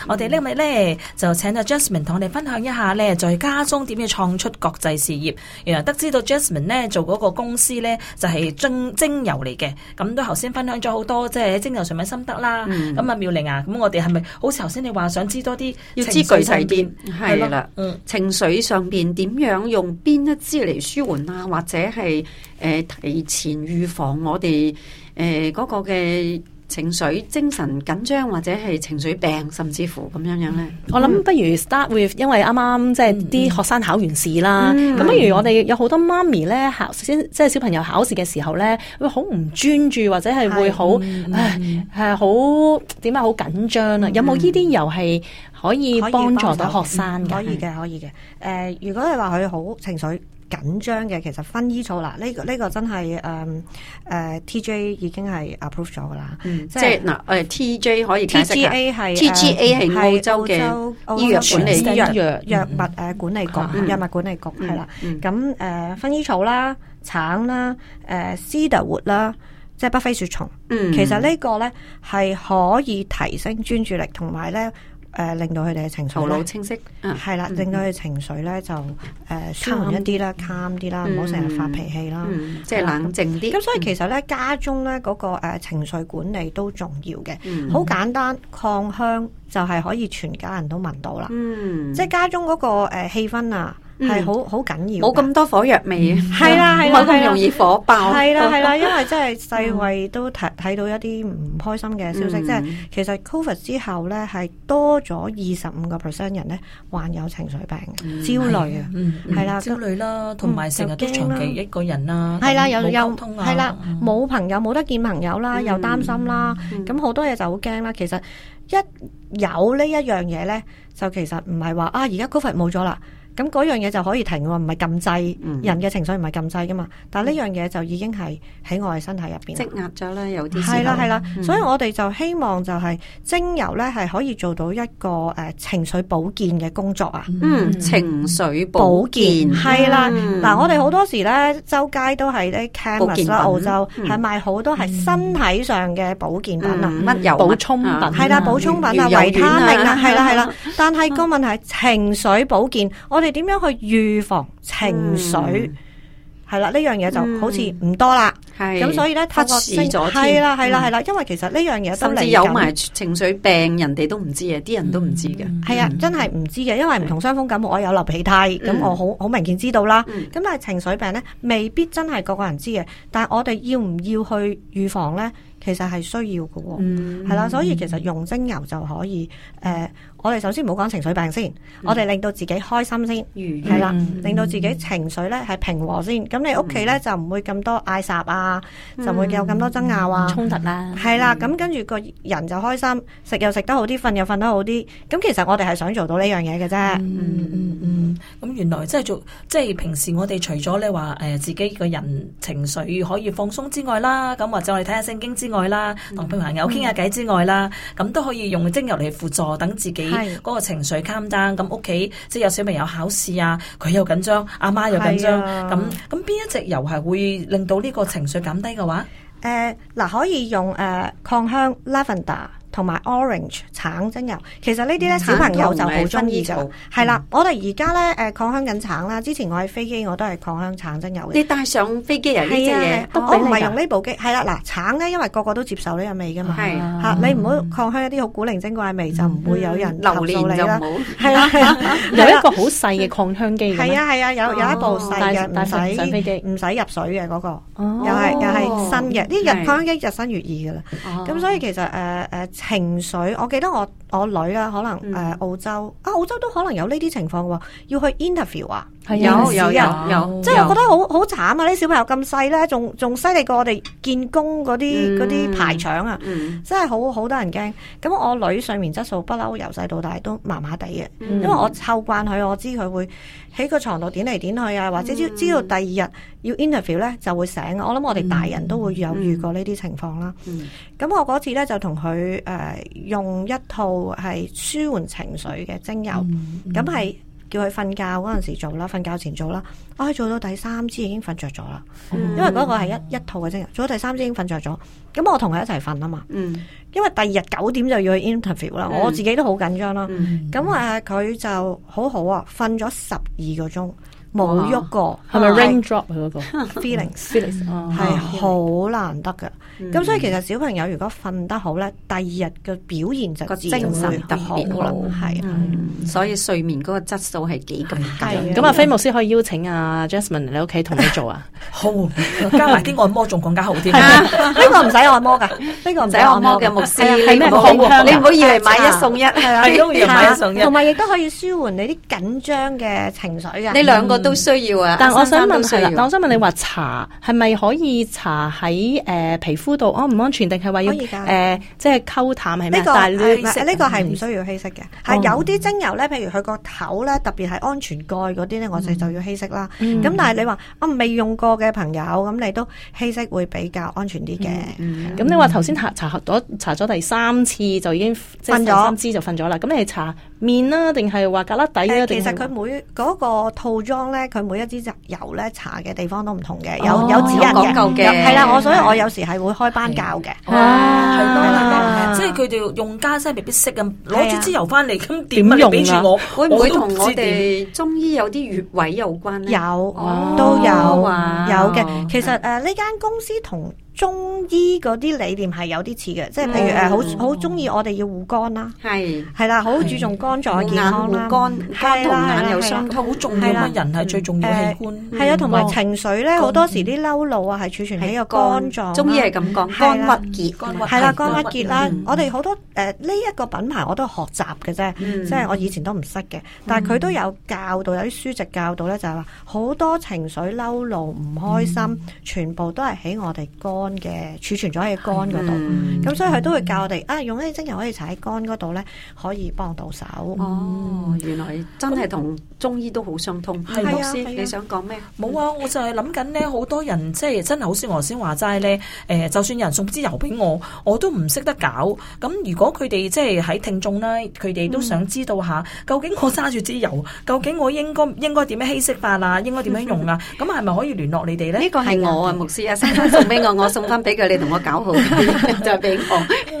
嗯、我哋呢位咧就請阿 Jasmine 同我哋分享一下咧，在、就是，家中點樣創出國際事業。原來得知到 Jasmine 咧做嗰個公司咧就係、是、精精油嚟嘅，咁都頭先分享咗好多即係喺精油上嘅心得啦。咁阿、嗯、妙玲啊，咁我哋係咪好似頭先你話想知道多啲，要知具體啲係啦？情緒上邊點樣用邊一支嚟舒緩啊？或者係誒、呃、提前預防我哋誒嗰個嘅？情緒、精神緊張，或者係情緒病，甚至乎咁樣樣咧。我諗不如 start with，因為啱啱即係啲學生考完試啦。咁、嗯、不如我哋有好多媽咪咧，考先即係小朋友考試嘅時候咧，會好唔專注，或者係會好，係好，點解好緊張啊。有冇呢啲遊戲？可以幫助到學生嘅，可以嘅，可以嘅。誒，如果係話佢好情緒緊張嘅，其實薰衣草啦，呢個呢個真係誒誒 TJ 已經係 approve 咗噶啦。嗯，即係嗱誒 TJ 可以解釋嘅。TGA 係 TGA 係澳洲嘅醫藥管理藥藥物誒管理局，藥物管理局係啦。咁誒薰衣草啦、橙啦、誒 cedarwood 啦，即係北非雪松。嗯，其實呢個咧係可以提升專注力，同埋咧。誒令到佢哋嘅情緒，好清呢晰，係啦，令到佢情緒咧就誒、嗯呃、calm 一啲啦，calm 啲啦，唔好成日發脾氣啦，即係、嗯嗯、的冷靜啲。咁所以其實咧，家中咧嗰、那個、呃、情緒管理都重要嘅，好、嗯、簡單，擴香就係可以全家人都聞到啦。嗯，即係家中嗰、那個氣、呃、氣氛啊。係好好緊要，冇咁多火藥味啊！係啦，係啦，冇咁容易火爆。係啦，係啦，因為真係世衞都睇睇到一啲唔開心嘅消息，即係其實 Covid 之後咧，係多咗二十五個 percent 人咧患有情緒病，焦慮啊，係啦，焦慮啦，同埋成日長期一個人啦。係啦，又痛，係啦，冇朋友冇得見朋友啦，又擔心啦，咁好多嘢就好驚啦。其實一有呢一樣嘢咧，就其實唔係話啊，而家 Covid 冇咗啦。咁嗰樣嘢就可以停喎，唔係禁制人嘅情緒唔係禁制噶嘛，但係呢樣嘢就已經係喺我哋身體入邊，積壓咗啦，有啲係啦係啦，所以我哋就希望就係精油咧係可以做到一個誒情緒保健嘅工作啊，嗯，情緒保健係啦，嗱我哋好多時咧周街都係啲 Chemist 啦，澳洲係賣好多係身體上嘅保健品乜油補充品，係啦補充品啊維他命啊，係啦係啦，但係個問題係情緒保健我哋。點樣去預防情緒？係啦，呢樣嘢就好似唔多啦。咁所以咧，忽視咗。係啦，係啦，係啦，因為其實呢樣嘢心理甚至有埋情緒病，人哋都唔知嘅，啲人都唔知嘅。係啊，真係唔知嘅，因為唔同傷風感冒我有流鼻涕，咁我好好明顯知道啦。咁但係情緒病呢，未必真係個個人知嘅。但係我哋要唔要去預防呢？其實係需要嘅。嗯，係啦，所以其實用精油就可以。誒。我哋首先唔好講情緒病先，嗯、我哋令到自己開心先，係、嗯、啦，令到、嗯、自己情緒咧係平和先。咁、嗯、你屋企咧就唔會咁、嗯、多嗌霎、嗯、啊，就唔會有咁多爭拗啊、衝突啦。係啦，咁跟住個人就開心，食又食得好啲，瞓又瞓得好啲。咁其實我哋係想做到呢樣嘢嘅啫。嗯，嗯嗯嗯，咁原來即係做，即、就、係、是、平時我哋除咗你話誒、呃、自己個人情緒可以放鬆之外啦，咁或者我哋睇下聖經之外啦，同朋友傾下偈之外啦，咁、嗯嗯、都可以用精油嚟輔助等自己。嗰個情緒 calm down，咁屋企即係有小朋友考試啊，佢又緊張，阿媽又緊張，咁咁邊一隻又係會令到呢個情緒減低嘅話？誒嗱、呃呃，可以用誒擴、呃、香 lavender。同埋 orange 橙精油，其實呢啲咧小朋友就好中意嘅，係啦。我哋而家咧誒擴香緊橙啦，之前我喺飛機我都係擴香橙精油。你帶上飛機啊啲嘢，不過唔係用呢部機，係啦嗱橙咧，因為個個都接受呢個味噶嘛，嚇你唔好擴香一啲好古靈精怪味就唔會有人流連就冇，係啊，有一個好細嘅擴香機，係啊係啊，有有一部細嘅帶上飛機，唔使入水嘅嗰個，又係又係新嘅，啲日擴香機日新月異噶啦，咁所以其實誒誒情緒，我記得我。我女啊，可能誒澳洲啊，澳洲都可能有呢啲情況喎，要去 interview 啊，有有有，即係我覺得好好慘啊！呢小朋友咁細咧，仲仲犀利過我哋見工嗰啲嗰啲排場啊，真係好好多人驚。咁我女睡眠質素不嬲，由細到大都麻麻地嘅，因為我湊慣佢，我知佢會喺個床度點嚟點去啊，或者知知道第二日要 interview 咧就會醒。我諗我哋大人都會有遇過呢啲情況啦。咁我嗰次咧就同佢誒用一套。係舒緩情緒嘅精油，咁係叫佢瞓覺嗰陣時做啦，瞓覺前做啦。我、哎、做到第三支已經瞓着咗啦，oh. 因為嗰個係一一套嘅精油，做到第三支已經瞓着咗。咁我同佢一齊瞓啊嘛，mm. 因為第二日九點就要去 interview 啦，我自己都好緊張、mm. 很好緊張啦。咁啊佢就好好啊，瞓咗十二個鐘。冇喐過，係咪 Raindrop 嗰個 feeling feeling 係好難得嘅。咁所以其實小朋友如果瞓得好咧，第二日嘅表現就精神特別好，係，所以睡眠嗰個質素係幾咁低。咁啊，飛牧師可以邀請阿 Jasmine 嚟屋企同你做啊。好，加埋啲按摩仲更加好啲。呢個唔使按摩噶，呢個唔使按摩嘅牧師，你唔好以為買一送一，係啊，係買一送一，同埋亦都可以舒緩你啲緊張嘅情緒啊，你兩個。都需要啊，但我想問係啦，啊啊、但我想問你話搽係咪可以搽喺誒、呃、皮膚度安唔安全？定係話要誒即係溝淡係咪？呢、呢個係呢、呢個係唔需要稀釋嘅，係釋有啲精油咧，譬如佢個頭咧，特別係安全蓋嗰啲咧，我哋就要稀釋啦。咁、嗯嗯、但係你話我未用過嘅朋友，咁你都稀釋會比較安全啲嘅。咁、嗯嗯、你話頭先搽咗搽咗第三次就已經即咗三支就瞓咗啦。咁了你搽面啦，定係話隔粒底咧？其實佢每嗰個套裝咧，佢每一支油咧搽嘅地方都唔同嘅，有有指引嘅。係啦，所以我有時係會開班教嘅。哦，係啦，即係佢哋用家真係未必識啊！攞支油翻嚟咁點樣用，我會唔會同我哋中醫有啲穴位有關咧？有，都有，有嘅。其實誒，呢間公司同。中醫嗰啲理念係有啲似嘅，即係譬如誒好好中意我哋要護肝啦，係係啦，好注重肝臟嘅健康啦，肝肝同眼有相通，好重要啊！人係最重要器官，係啊，同埋情緒咧好多時啲嬲怒啊，係儲存喺個肝臟。中醫係咁講肝鬱結，係啦，肝鬱結啦。我哋好多誒呢一個品牌我都係學習嘅啫，即係我以前都唔識嘅，但係佢都有教導有啲書籍教導咧，就係話好多情緒嬲怒唔開心，全部都係喺我哋肝。肝嘅儲存咗喺肝嗰度，咁所以佢都會教我哋啊，用一啲精油可以搽喺肝嗰度咧，可以幫到手。哦，原來真係同中醫都好相通。係啊，你想講咩？冇啊，我就係諗緊咧，好多人即係真係好似我先話齋咧，誒，就算有人送支油俾我，我都唔識得搞。咁如果佢哋即係喺聽眾啦，佢哋都想知道下，究竟我揸住支油，究竟我應該應該點樣稀釋法啊？應該點樣用啊？咁係咪可以聯絡你哋咧？呢個係我啊，牧師啊，送俾我我。送翻俾佢，你同我搞好，再俾我。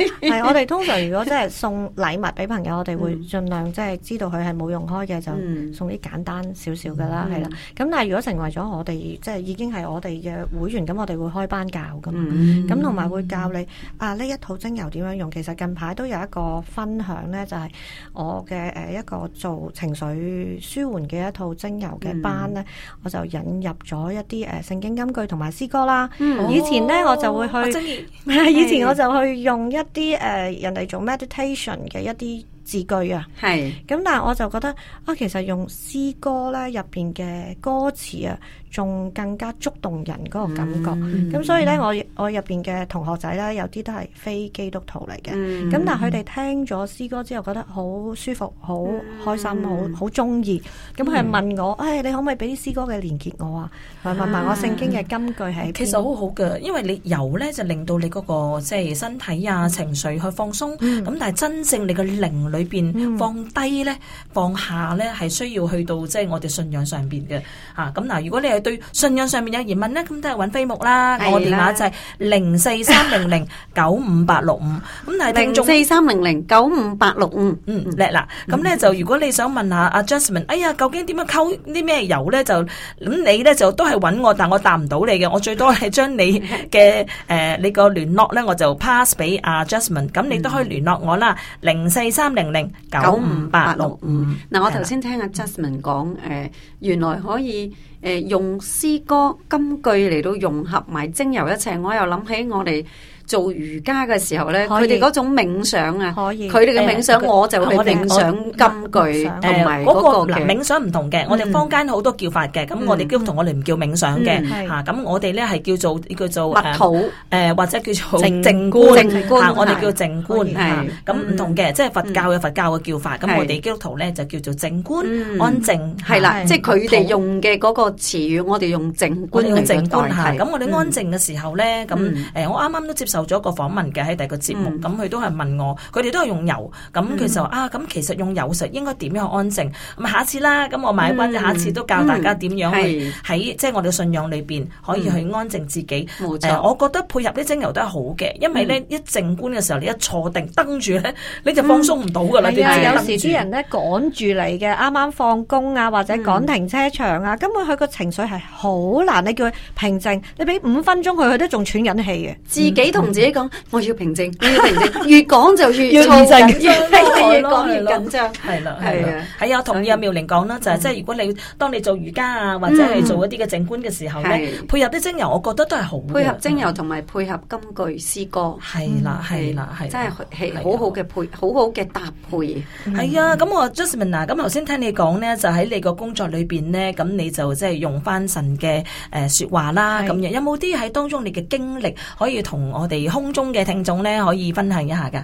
係。 我哋通常如果即係送禮物俾朋友， 我哋會盡量即係知道佢係冇用開嘅，就送啲簡單少少噶啦，係、嗯、啦。咁但係如果成為咗我哋即係已經係我哋嘅會員，咁我哋會開班教噶嘛。咁同埋會教你啊呢一套精油點樣用。其實近排都有一個分享咧，就係、是、我嘅誒、呃、一個做情緒舒緩嘅一套精油嘅班咧，嗯、我就引入咗一啲誒聖經金句同埋詩歌啦。嗯、哦、以前咧。我就會去，以前我就去用一啲誒人哋做 meditation 嘅一啲字句啊。係咁。但係我就覺得啊，其實用詩歌咧入邊嘅歌詞啊。仲更加觸動人嗰個感覺，咁、嗯嗯、所以咧，我我入邊嘅同學仔咧，有啲都係非基督徒嚟嘅，咁、嗯、但係佢哋聽咗詩歌之後覺得好舒服、好開心、好好中意，咁佢、嗯、問我，誒、哎、你可唔可以俾啲詩歌嘅連結我啊？問問、啊、我聖經嘅金句係其實好好嘅，因為你遊咧就令到你嗰、那個即係身體啊、情緒去放鬆，咁、嗯、但係真正你嘅靈裏邊、嗯、放低咧、放下咧，係需要去到即係、就是、我哋信仰上邊嘅，吓咁嗱，如果你有。對信仰上面有疑問咧，咁都係揾飛牧啦。我電話就係零四三零零九五八六五。咁但係聽眾零四三零零九五八六五，嗯叻啦。咁咧就如果你想問下阿 Jasmine，哎呀，究竟點樣溝啲咩油咧？就咁你咧就都係揾我，但我答唔到你嘅。我最多係將你嘅誒你個聯絡咧，我就 pass 俾阿 Jasmine。咁你都可以聯絡我啦，零四三零零九五八六五。嗱，我頭先聽阿 Jasmine 講，誒，原來可以。用詩歌金句嚟到融合埋精油一齊，我又諗起我哋。做瑜伽嘅時候咧，佢哋嗰種冥想啊，可以，佢哋嘅冥想我就去冥想金句，誒嗰個冥想唔同嘅，我哋坊間好多叫法嘅，咁我哋基督徒我哋唔叫冥想嘅嚇，咁我哋咧係叫做叫做禡土誒或者叫做靜觀嚇，我哋叫靜觀嚇，咁唔同嘅，即係佛教有佛教嘅叫法，咁我哋基督徒咧就叫做靜觀安靜，係啦，即係佢哋用嘅嗰個詞語，我哋用靜觀嚟代替，咁我哋安靜嘅時候咧，咁誒我啱啱都接受。做咗個訪問嘅喺第二個節目，咁佢都係問我，佢哋都係用油，咁佢就啊，咁其實用油實應該點樣去安靜？咁下次啦，咁我買翻，下次都教大家點樣去喺即係我哋信仰裏邊可以去安靜自己。冇錯，我覺得配合啲精油都係好嘅，因為咧一靜觀嘅時候，你一坐定蹬住咧，你就放鬆唔到噶啦。有時啲人咧趕住嚟嘅，啱啱放工啊，或者趕停車場啊，根本佢個情緒係好難你叫佢平靜。你俾五分鐘佢，佢都仲喘緊氣嘅，自己自己講，我要平靜，要平靜，越講就越緊張，係，越講越緊張，係啦，係啊，係啊，同阿妙玲講啦，就係即係如果你當你做瑜伽啊，或者係做一啲嘅靜觀嘅時候咧，配合啲精油，我覺得都係好配合精油同埋配合金句詩歌，係啦，係啦，係，真係好好嘅配，好好嘅搭配，係啊，咁我 Jasmine 嗱，咁頭先聽你講咧，就喺你個工作裏邊咧，咁你就即係用翻神嘅誒説話啦，咁樣有冇啲喺當中你嘅經歷可以同我？空中嘅聽眾呢，可以分享一下噶。誒、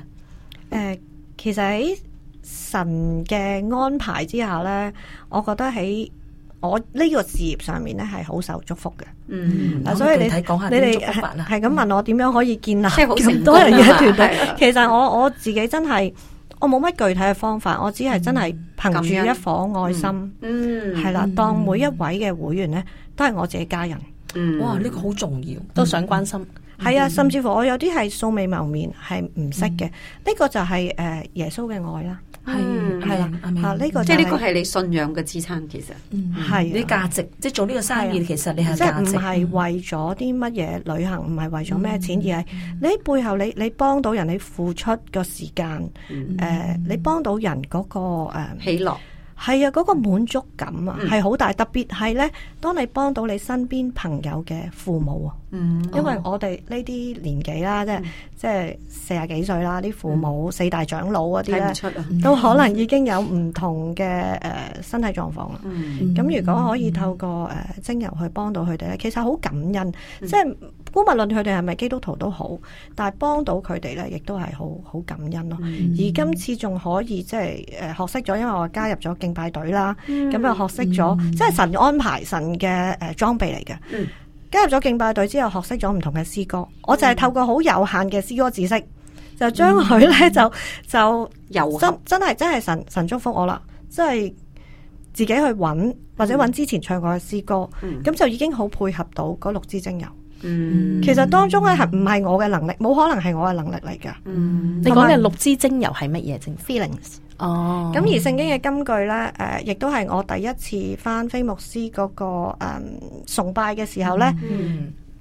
呃，其實喺神嘅安排之下呢，我覺得喺我呢個事業上面呢，係好受祝福嘅。嗯，所以你哋所以你哋係咁問我點樣可以建立咁多人嘅團隊？嗯嗯嗯、其實我我自己真係我冇乜具體嘅方法，我只係真係憑住一顆愛心。係啦、嗯嗯嗯，當每一位嘅會員呢，都係我自己家人。嗯、哇，呢、呢個好重要，嗯、都想關心。係啊，甚至乎我有啲係素未謀面，係唔識嘅。呢個就係誒耶穌嘅愛啦，係係啦，啊，呢個即係呢個係你信仰嘅支撐，其實係你價值。即係做呢個生意，其實你係即係唔係為咗啲乜嘢旅行，唔係為咗咩錢，而係你喺背後你你幫到人，你付出個時間，誒，你幫到人嗰個誒喜樂。係啊，嗰、那個滿足感啊，係好大，嗯、特別係呢，當你幫到你身邊朋友嘅父母啊，嗯、因為我哋呢啲年紀啦，即係即係四十幾歲啦，啲父母、嗯、四大長老嗰啲咧，嗯、都可能已經有唔同嘅誒身體狀況啦。咁、嗯、如果可以透過誒精油去幫到佢哋，嗯、其實好感恩，即係、嗯。就是姑勿論佢哋係咪基督徒都好，但係幫到佢哋咧，亦都係好好感恩咯。嗯、而今次仲可以即係誒學識咗，因為我加入咗敬拜隊啦，咁啊、嗯、學識咗，即係、嗯、神安排神嘅誒裝備嚟嘅。嗯、加入咗敬拜隊之後，學識咗唔同嘅詩歌，嗯、我就係透過好有限嘅詩歌知識，嗯、就將佢咧就就有限真係真係神神祝福我啦，即係自己去揾或者揾之前唱過嘅詩歌，咁、嗯、就已經好配合到嗰六支精油。嗯，其實當中咧係唔係我嘅能力，冇可能係我嘅能力嚟噶。嗯，有你講嘅六支精油係乜嘢啫？Feelings 哦，咁而聖經嘅根據咧，誒、呃，亦都係我第一次翻飛牧師嗰、那個誒、嗯、崇拜嘅時候咧，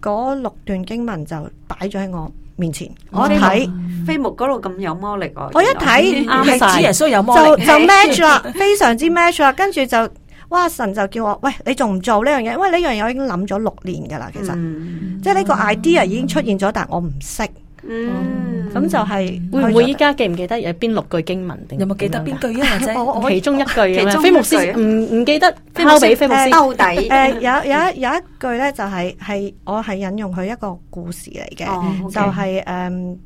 嗰、嗯、六段經文就擺咗喺我面前，嗯、我睇飛牧嗰度咁有魔力，我一睇係指耶穌有魔力，就 match 啦， 非常之 match 啦，跟住就。哇！神就叫我，喂，你仲唔做呢樣嘢？因為呢樣嘢我已經諗咗六年噶啦，其實，即係呢個 idea 已經出現咗，但我唔識。嗯，咁就係會唔會依家記唔記得有邊六句經文？定？有冇記得邊句啊？我我其中一句其實飛牧師，唔唔記得，俾飛牧師兜底。誒，有有有一句咧，就係係我係引用佢一個故事嚟嘅，就係誒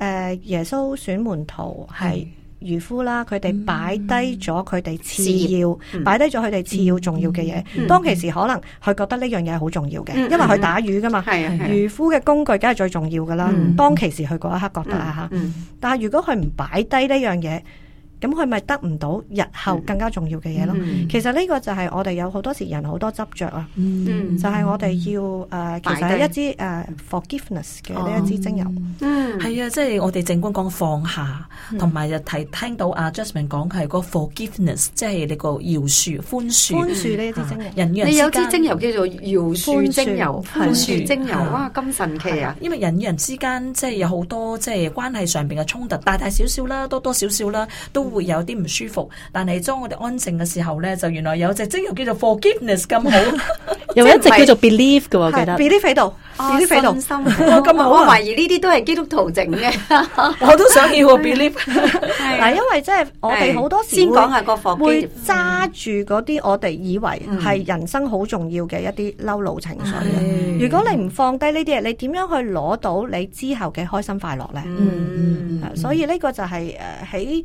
誒耶穌選門徒係漁夫啦，佢哋擺低咗佢哋次要，擺低咗佢哋次要重要嘅嘢。嗯嗯、當其時可能佢覺得呢樣嘢係好重要嘅，嗯、因為佢打魚噶嘛。漁、嗯嗯、夫嘅工具梗係最重要噶啦。嗯、當其時佢嗰一刻覺得、嗯、啊吓，嗯、但係如果佢唔擺低呢樣嘢。咁佢咪得唔到日後更加重要嘅嘢咯？其實呢個就係我哋有好多時人好多執着啊！就係我哋要誒，其實係一支 forgiveness 嘅呢一支精油，係啊，即係我哋正官講放下，同埋就提聽到阿 Jasmine 講佢係個 forgiveness，即係你個饒恕寬恕寬恕呢一支精油。人與人之間，你有支精油叫做饒恕精油、寬恕精油，哇咁神奇啊！因為人與人之間即係有好多即係關係上面嘅衝突，大大小小啦，多多少少啦，都，會有啲唔舒服，但係當我哋安靜嘅時候咧，就原來有隻精油叫做 forgiveness 咁好，又一隻叫做 belief 嘅，我記得 belief 喺度 b e 心，我今日好懷疑呢啲都係基督徒整嘅，我都想要 belief。嗱，因為即係我哋好多時會揸住嗰啲我哋以為係人生好重要嘅一啲嬲怒情緒。如果你唔放低呢啲嘢，你點樣去攞到你之後嘅開心快樂咧？所以呢個就係誒喺。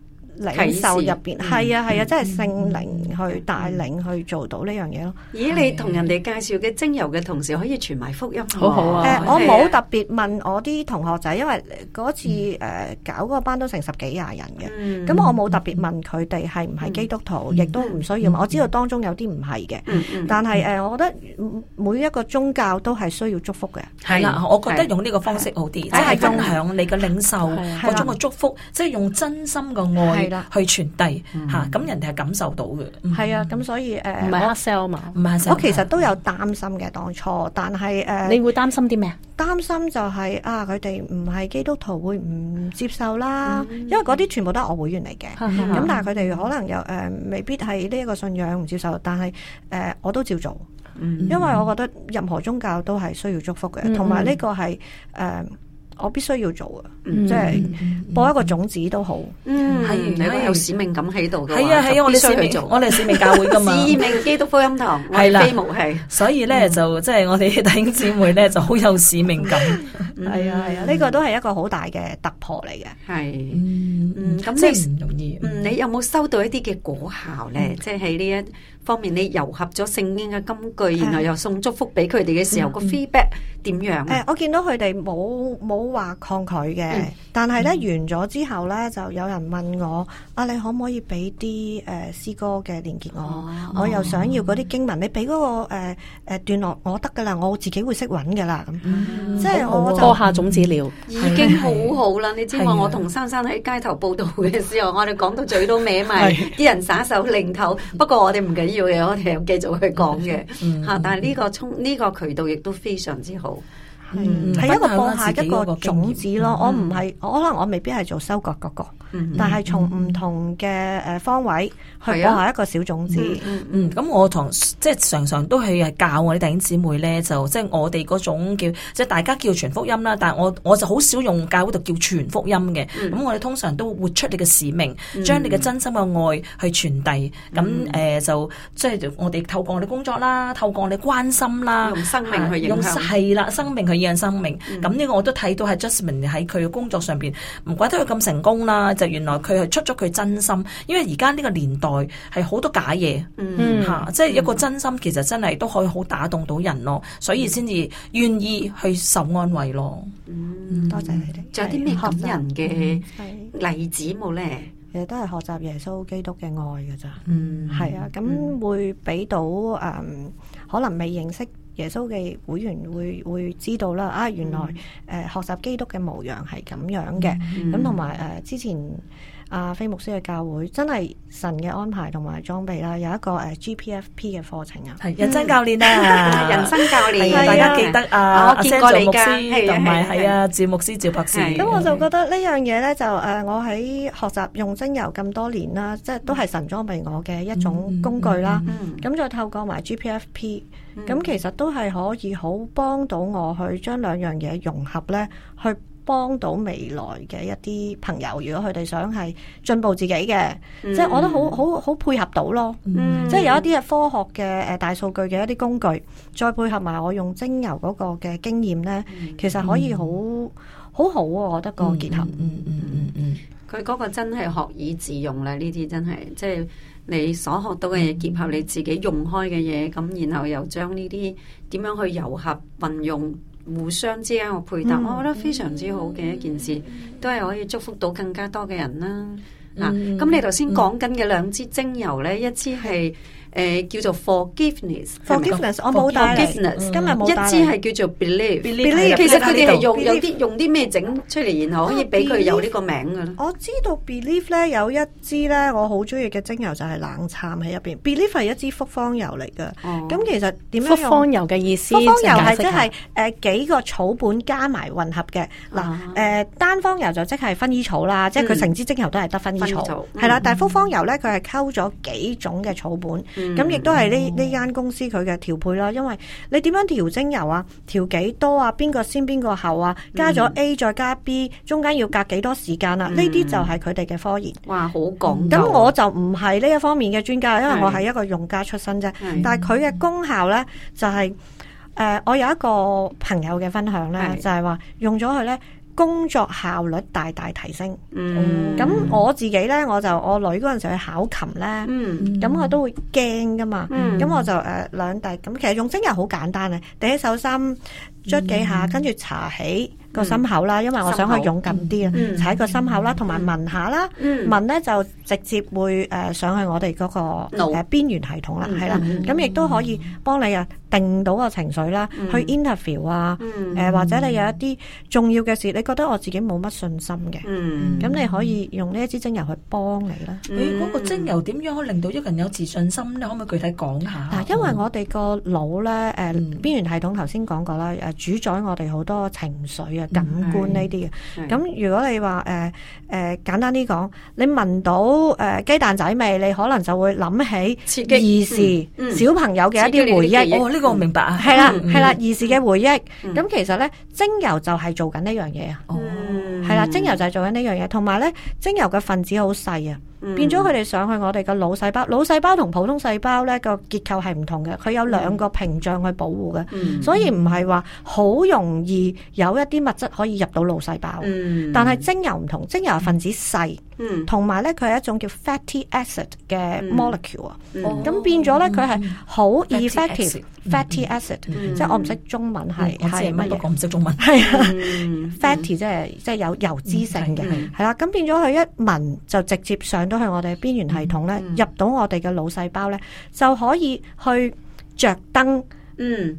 領袖入邊係啊，係啊，真係聖靈去帶領去做到呢樣嘢咯。咦，你同人哋介紹嘅精油嘅同時，可以傳埋福音，好好啊！誒，我冇特別問我啲同學仔，因為嗰次誒搞嗰個班都成十幾廿人嘅，咁我冇特別問佢哋係唔係基督徒，亦都唔需要。我知道當中有啲唔係嘅，但係誒，我覺得每一個宗教都係需要祝福嘅，係啦。我覺得用呢個方式好啲，即係分享你嘅領袖嗰種嘅祝福，即係用真心嘅愛。去傳遞嚇，咁、嗯、人哋係感受到嘅。係啊，咁所以誒，唔係 sell 嘛，唔係 sell。我其實都有擔心嘅當初，但係誒，你會擔心啲咩？擔心就係、是、啊，佢哋唔係基督徒會唔接受啦，嗯、因為嗰啲全部都係我會員嚟嘅。咁哈但係佢哋可能又誒、呃，未必係呢一個信仰唔接受，但係誒、呃，我都照做，嗯、因為我覺得任何宗教都係需要祝福嘅，同埋呢個係誒。呃我必須要做啊！即係播一個種子都好，嗯，係啊，有使命感喺度嘅，係啊，係啊，我哋使命，我哋使命教會噶嘛，使命基督福音堂，無非無係，所以咧就即係我哋弟兄姊妹咧就好有使命感，係啊係啊，呢個都係一個好大嘅突破嚟嘅，係，嗯嗯，即係唔容易，嗯，你有冇收到一啲嘅果效咧？即係呢一方面你糅合咗聖經嘅金句，然後又送祝福俾佢哋嘅時候，個 feedback 點樣？誒，我見到佢哋冇冇話抗拒嘅，但係咧完咗之後咧，就有人問我：啊，你可唔可以俾啲誒詩歌嘅鏈接我？我又想要嗰啲經文，你俾嗰個誒誒段落，我得噶啦，我自己會識搵噶啦。咁，即係我播下種子了，已經好好啦。你知我，我同珊珊喺街頭報道嘅時候，我哋講到嘴都歪埋，啲人耍手擰頭。不過我哋唔緊要。做嘢，我哋又繼續去講嘅吓， 嗯、但係呢個冲呢、呢個渠道亦都非常之好。係係一個播下一個種子咯，我唔係，我可能我未必係做收割嗰個，但係從唔同嘅誒方位去播下一個小種子。嗯，咁我同即係常常都係教我哋弟兄姊妹咧，就即係我哋嗰種叫即係大家叫傳福音啦，但係我我就好少用教度叫傳福音嘅。咁我哋通常都活出你嘅使命，將你嘅真心嘅愛去傳遞。咁誒就即係我哋透過我哋工作啦，透過我哋關心啦，用生命去影響，係啦，生命去。一生命，咁呢個我都睇到係 Jasmine 喺佢嘅工作上面，唔怪得佢咁成功啦。就原來佢係出咗佢真心，因為而家呢個年代係好多假嘢，吓，即係一個真心，其實真係都可以好打動到人咯。所以先至願意去受安慰咯。嗯嗯、多謝你哋。仲是是有啲咩感人嘅例子冇咧？其實都係學習耶穌基督嘅愛噶咋。嗯，係啊，咁會俾到誒，嗯、可能未認識。耶穌嘅會員會會知道啦，啊，原來誒學習基督嘅模樣係咁樣嘅，咁同埋誒之前。阿菲牧師嘅教會真係神嘅安排同埋裝備啦，有一個誒 GPFP 嘅課程啊，人生教練啊，人生教練，大家記得阿阿謝祖牧師同埋係啊趙牧師趙博士。咁我就覺得呢樣嘢咧，就誒我喺學習用精油咁多年啦，即係都係神裝備我嘅一種工具啦。咁再透過埋 GPFP，咁其實都係可以好幫到我去將兩樣嘢融合咧，去。幫到未來嘅一啲朋友，如果佢哋想係進步自己嘅，即係、mm hmm. 我覺得好好好配合到咯。即係、mm hmm. 有一啲係科學嘅誒大數據嘅一啲工具，再配合埋我用精油嗰個嘅經驗呢，mm hmm. 其實可以好好好好、啊，我覺得個結合，嗯嗯嗯嗯，佢、hmm. 嗰個真係學以致用啦，呢啲真係，即、就、係、是、你所學到嘅嘢結合你自己用開嘅嘢，咁然後又將呢啲點樣去糅合運用。互相之間嘅配搭，我覺得非常之好嘅一件事，嗯、都係可以祝福到更加多嘅人啦。嗱、嗯，咁、啊、你頭先講緊嘅兩支精油呢，一支係，誒叫做 forgiveness，forgiveness 我冇帶嚟，今日冇一支係叫做 believe，believe 其實佢哋係用啲用啲咩整出嚟，然後可以俾佢有呢個名㗎咧。我知道 believe 咧有一支咧我好中意嘅精油就係冷杉喺入面。believe 係一支復方油嚟嘅。咁其實點樣復方油嘅意思？復方油係即係誒幾個草本加埋混合嘅。嗱、誒單方油就即係薰衣草啦，即係佢成支精油都係得薰衣草，係啦。但係復方油咧，佢係溝咗幾種嘅草本。咁、嗯、亦都係呢呢間公司佢嘅調配啦，因為你點樣調精油啊？調幾多啊？邊個先邊個後啊？加咗 A 再加 B，中間要隔幾多時間啊？呢啲、嗯，就係佢哋嘅科研。哇，好講究！咁我就唔係呢一方面嘅專家，因為我係一個用家出身啫。但係佢嘅功效呢，就係、是、誒、呃，我有一個朋友嘅分享呢，是就係話用咗佢呢。工作效率大大提升。嗯，咁我自己咧，我就我女嗰陣時去考琴咧，咁我都會驚噶嘛。嗯，咁我就誒兩滴。咁其實用精油好簡單啊，掟喺手心捽幾下，跟住搽喺個心口啦。因為我想佢勇敢啲啊，搽喺個心口啦，同埋聞下啦。嗯，聞咧就直接會誒上去我哋嗰個誒邊緣系統啦，係啦。咁亦都可以幫你啊。定到個情緒啦，去 interview 啊，誒或者你有一啲重要嘅事，你覺得我自己冇乜信心嘅，咁你可以用呢一支精油去幫你啦。你嗰個精油點樣可以令到一個人有自信心咧？可唔可以具體講下？嗱，因為我哋個腦咧，誒邊緣系統頭先講過啦，誒主宰我哋好多情緒啊、感官呢啲嘅。咁如果你話誒誒簡單啲講，你聞到誒雞蛋仔味，你可能就會諗起兒時小朋友嘅一啲回憶。嗯、呢個我明白啊，係啦係啦，兒時嘅回憶。咁、嗯、其實咧，精油就係做緊呢樣嘢啊。係啦、哦，精油就係做緊呢樣嘢，同埋咧，精油嘅分子好細啊。變咗佢哋上去我哋個腦細胞，腦細胞同普通細胞咧個結構係唔同嘅，佢有兩個屏障去保護嘅，所以唔係話好容易有一啲物質可以入到腦細胞。但係精油唔同，精油分子細，同埋咧佢係一種叫 fatty acid 嘅 molecule 啊，咁變咗咧佢係好 effective fatty acid，即係我唔識中文係，係係乜都講唔識中文。係啊，fatty 即係即係有油脂性嘅，係啦，咁變咗佢一聞就直接上。都係我哋嘅邊緣系統咧，入到我哋嘅腦細胞咧，就可以去着燈，嗯，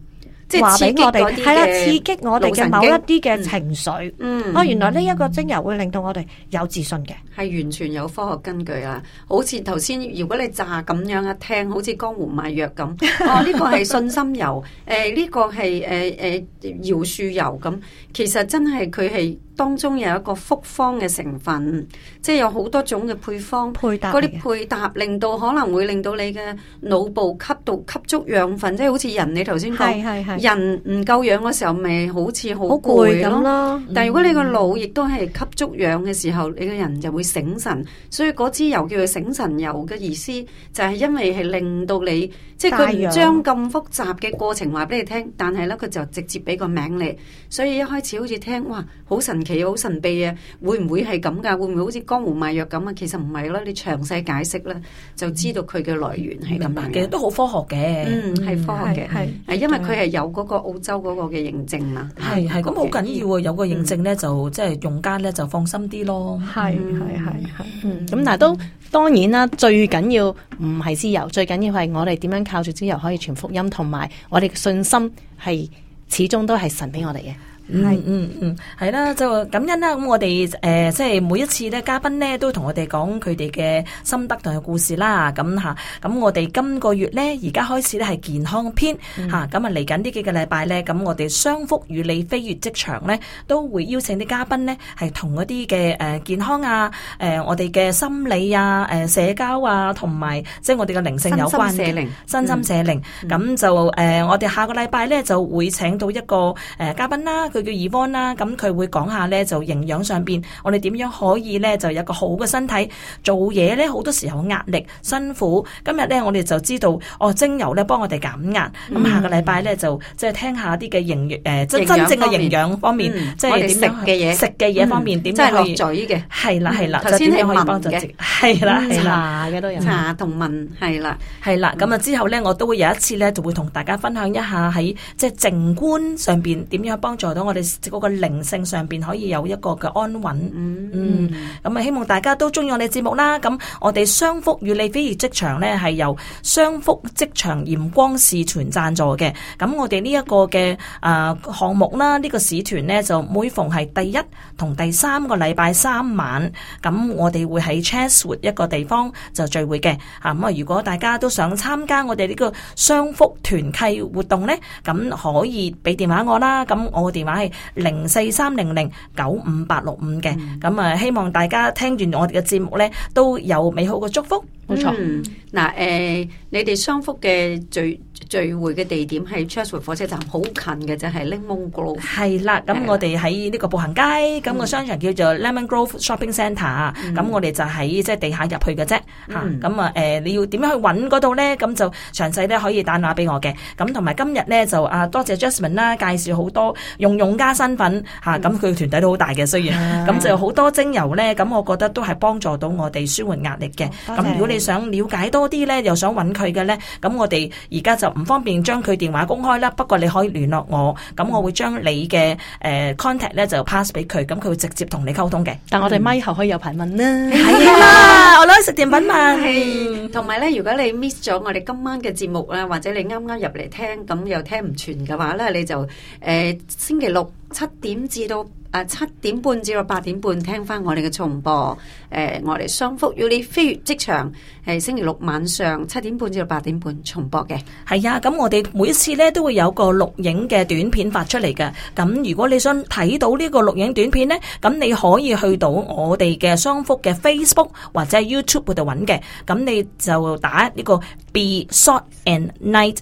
即係話俾我哋，刺激嗰啲嘢。刺激我哋嘅某一啲嘅情緒。嗯，哦，原來呢一個精油會令到我哋有自信嘅，係完全有科學根據啊！好似頭先，如果你炸咁樣啊，聽好似江湖賣藥咁。哦，呢個係信心油，誒，呢個係誒誒搖樹油咁，其實真係佢係。當中有一個複方嘅成分，即係有好多種嘅配方，嗰啲配搭令到可能會令到你嘅腦部吸到吸足養分，即係好似人你頭先講，人唔夠氧嘅時候咪好似好攰咁咯。但係如果你個腦亦都係吸足氧嘅時候，你個人就會醒神，所以嗰支油叫做醒神油嘅意思就係因為係令到你，即係佢唔將咁複雜嘅過程話俾你聽，但係呢佢就直接俾個名你，所以一開始好似聽哇，好神。其實好神秘啊，會唔會係咁噶？會唔會好似江湖賣藥咁啊？其實唔係啦，你詳細解釋咧，就知道佢嘅來源係咁。其實都好科學嘅，嗯，係科學嘅，係，係因為佢係有嗰個澳洲嗰個嘅認證嘛。係係咁好緊要啊！有個認證咧，就即係用家咧就放心啲咯。係係係係，咁但係都當然啦，最緊要唔係精油，最緊要係我哋點樣靠住精油可以傳福音，同埋我哋嘅信心係始終都係神俾我哋嘅。係是嗯嗯係啦、嗯，就感恩啦。咁我哋誒、呃，即係每一次咧，嘉賓呢，都同我哋講佢哋嘅心得同嘅故事啦。咁吓，咁我哋今個月咧，而家開始咧係健康篇吓。咁、嗯、啊，嚟緊呢幾個禮拜咧，咁我哋商福與你飛越職場咧，都會邀請啲嘉賓呢，係同嗰啲嘅誒健康啊，誒、呃、我哋嘅心理啊，誒社交啊，同埋即係我哋嘅靈性有關嘅。身心社靈，身心社靈。咁、嗯、就誒、呃，我哋下個禮拜咧就會請到一個誒、呃、嘉賓啦。叫耳溫啦，咁佢會講下咧，就營養上邊，我哋點樣可以咧，就有個好嘅身體做嘢。咧好多時候壓力辛苦，今日咧我哋就知道哦，精油咧幫我哋減壓。咁下個禮拜咧就即係聽下啲嘅營養誒即係真正嘅營養方面，即係食嘅嘢、食嘅嘢方面，點樣落嘴嘅，係啦係啦，頭先係聞嘅，係啦係啦，茶嘅都有，茶同聞，係啦係啦。咁啊之後咧，我都會有一次咧，就會同大家分享一下喺即係靜觀上邊點樣幫助到我哋個靈性上邊可以有一個嘅安穩，嗯，咁啊，希望大家都中意我哋節目啦。咁我哋雙福與你飛越職場咧，係由雙福職場嚴光事團贊助嘅。咁我哋呢一個嘅啊、呃、項目啦，呢、這個市團咧，就每逢係第一同第三個禮拜三晚，咁我哋會喺 Chatswood 一個地方就聚會嘅。啊，咁啊，如果大家都想參加我哋呢個雙福團契活動咧，咁可以俾電話我啦。咁我電話。係零四三零零九五八六五嘅，咁啊，希望大家聽完我哋嘅節目咧，都有美好嘅祝福。冇錯，嗱誒、嗯啊呃，你哋商福嘅聚聚會嘅地點係 Chatswood 火車站很近的，好近嘅就係、是、Lemon Grove 了。係啦的，咁我哋喺呢個步行街，咁、嗯、個商場叫做 Lemon Grove Shopping Centre、嗯。咁我哋就喺即係地下入去嘅啫。嚇、嗯，咁啊、呃、你要點樣去揾嗰度咧？咁就詳細咧可以打電話俾我嘅。咁同埋今日咧就啊多謝 Jasmine 啦，介紹好多用用家身份。嚇、嗯，咁佢團團體都好大嘅，雖然咁就好多精油咧，咁我覺得都係幫助到我哋舒緩壓力嘅。咁謝如果你你想了解多啲咧，又想揾佢嘅咧，咁我哋而家就唔方便將佢電話公開啦。不過你可以聯絡我，咁我會將你嘅誒、呃、contact 咧就 pass 俾佢，咁佢會直接同你溝通嘅。但我哋咪後可以有排問啦，係啦，我攞嚟食甜品嘛。係，同埋咧，如果你 miss 咗我哋今晚嘅節目啊，或者你啱啱入嚟聽，咁又聽唔全嘅話咧，你就誒、呃、星期六。七點至到誒、啊、七點半至到八點半聽翻我哋嘅重播，誒、呃、我哋商福與你飛越職場，係、呃、星期六晚上七點半至到八點半重播嘅。係啊，咁我哋每一次咧都會有個錄影嘅短片發出嚟嘅。咁如果你想睇到呢個錄影短片咧，咁你可以去到我哋嘅商福嘅 Facebook 或者 YouTube 嗰度揾嘅。咁你就打呢個 Be Salt and Light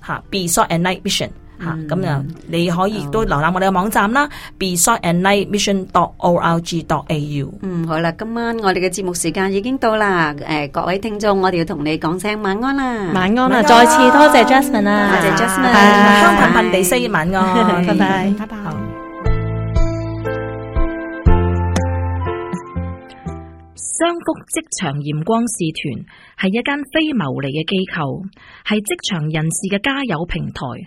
吓、啊、，Be Salt and Light Mission。吓咁樣，你可以都瀏覽我哋嘅網站啦，be salt and light mission dot o r g dot a u。嗯，好啦，今晚我哋嘅節目時間已經到啦。誒，各位聽眾，我哋要同你講聲晚安啦，晚安啦。再次多謝 Jasmine 啊，多謝 Jasmine 香噴噴地需要晚安，拜拜拜拜。商福職場鹽光事團係一間非牟利嘅機構，係職場人士嘅加油平台。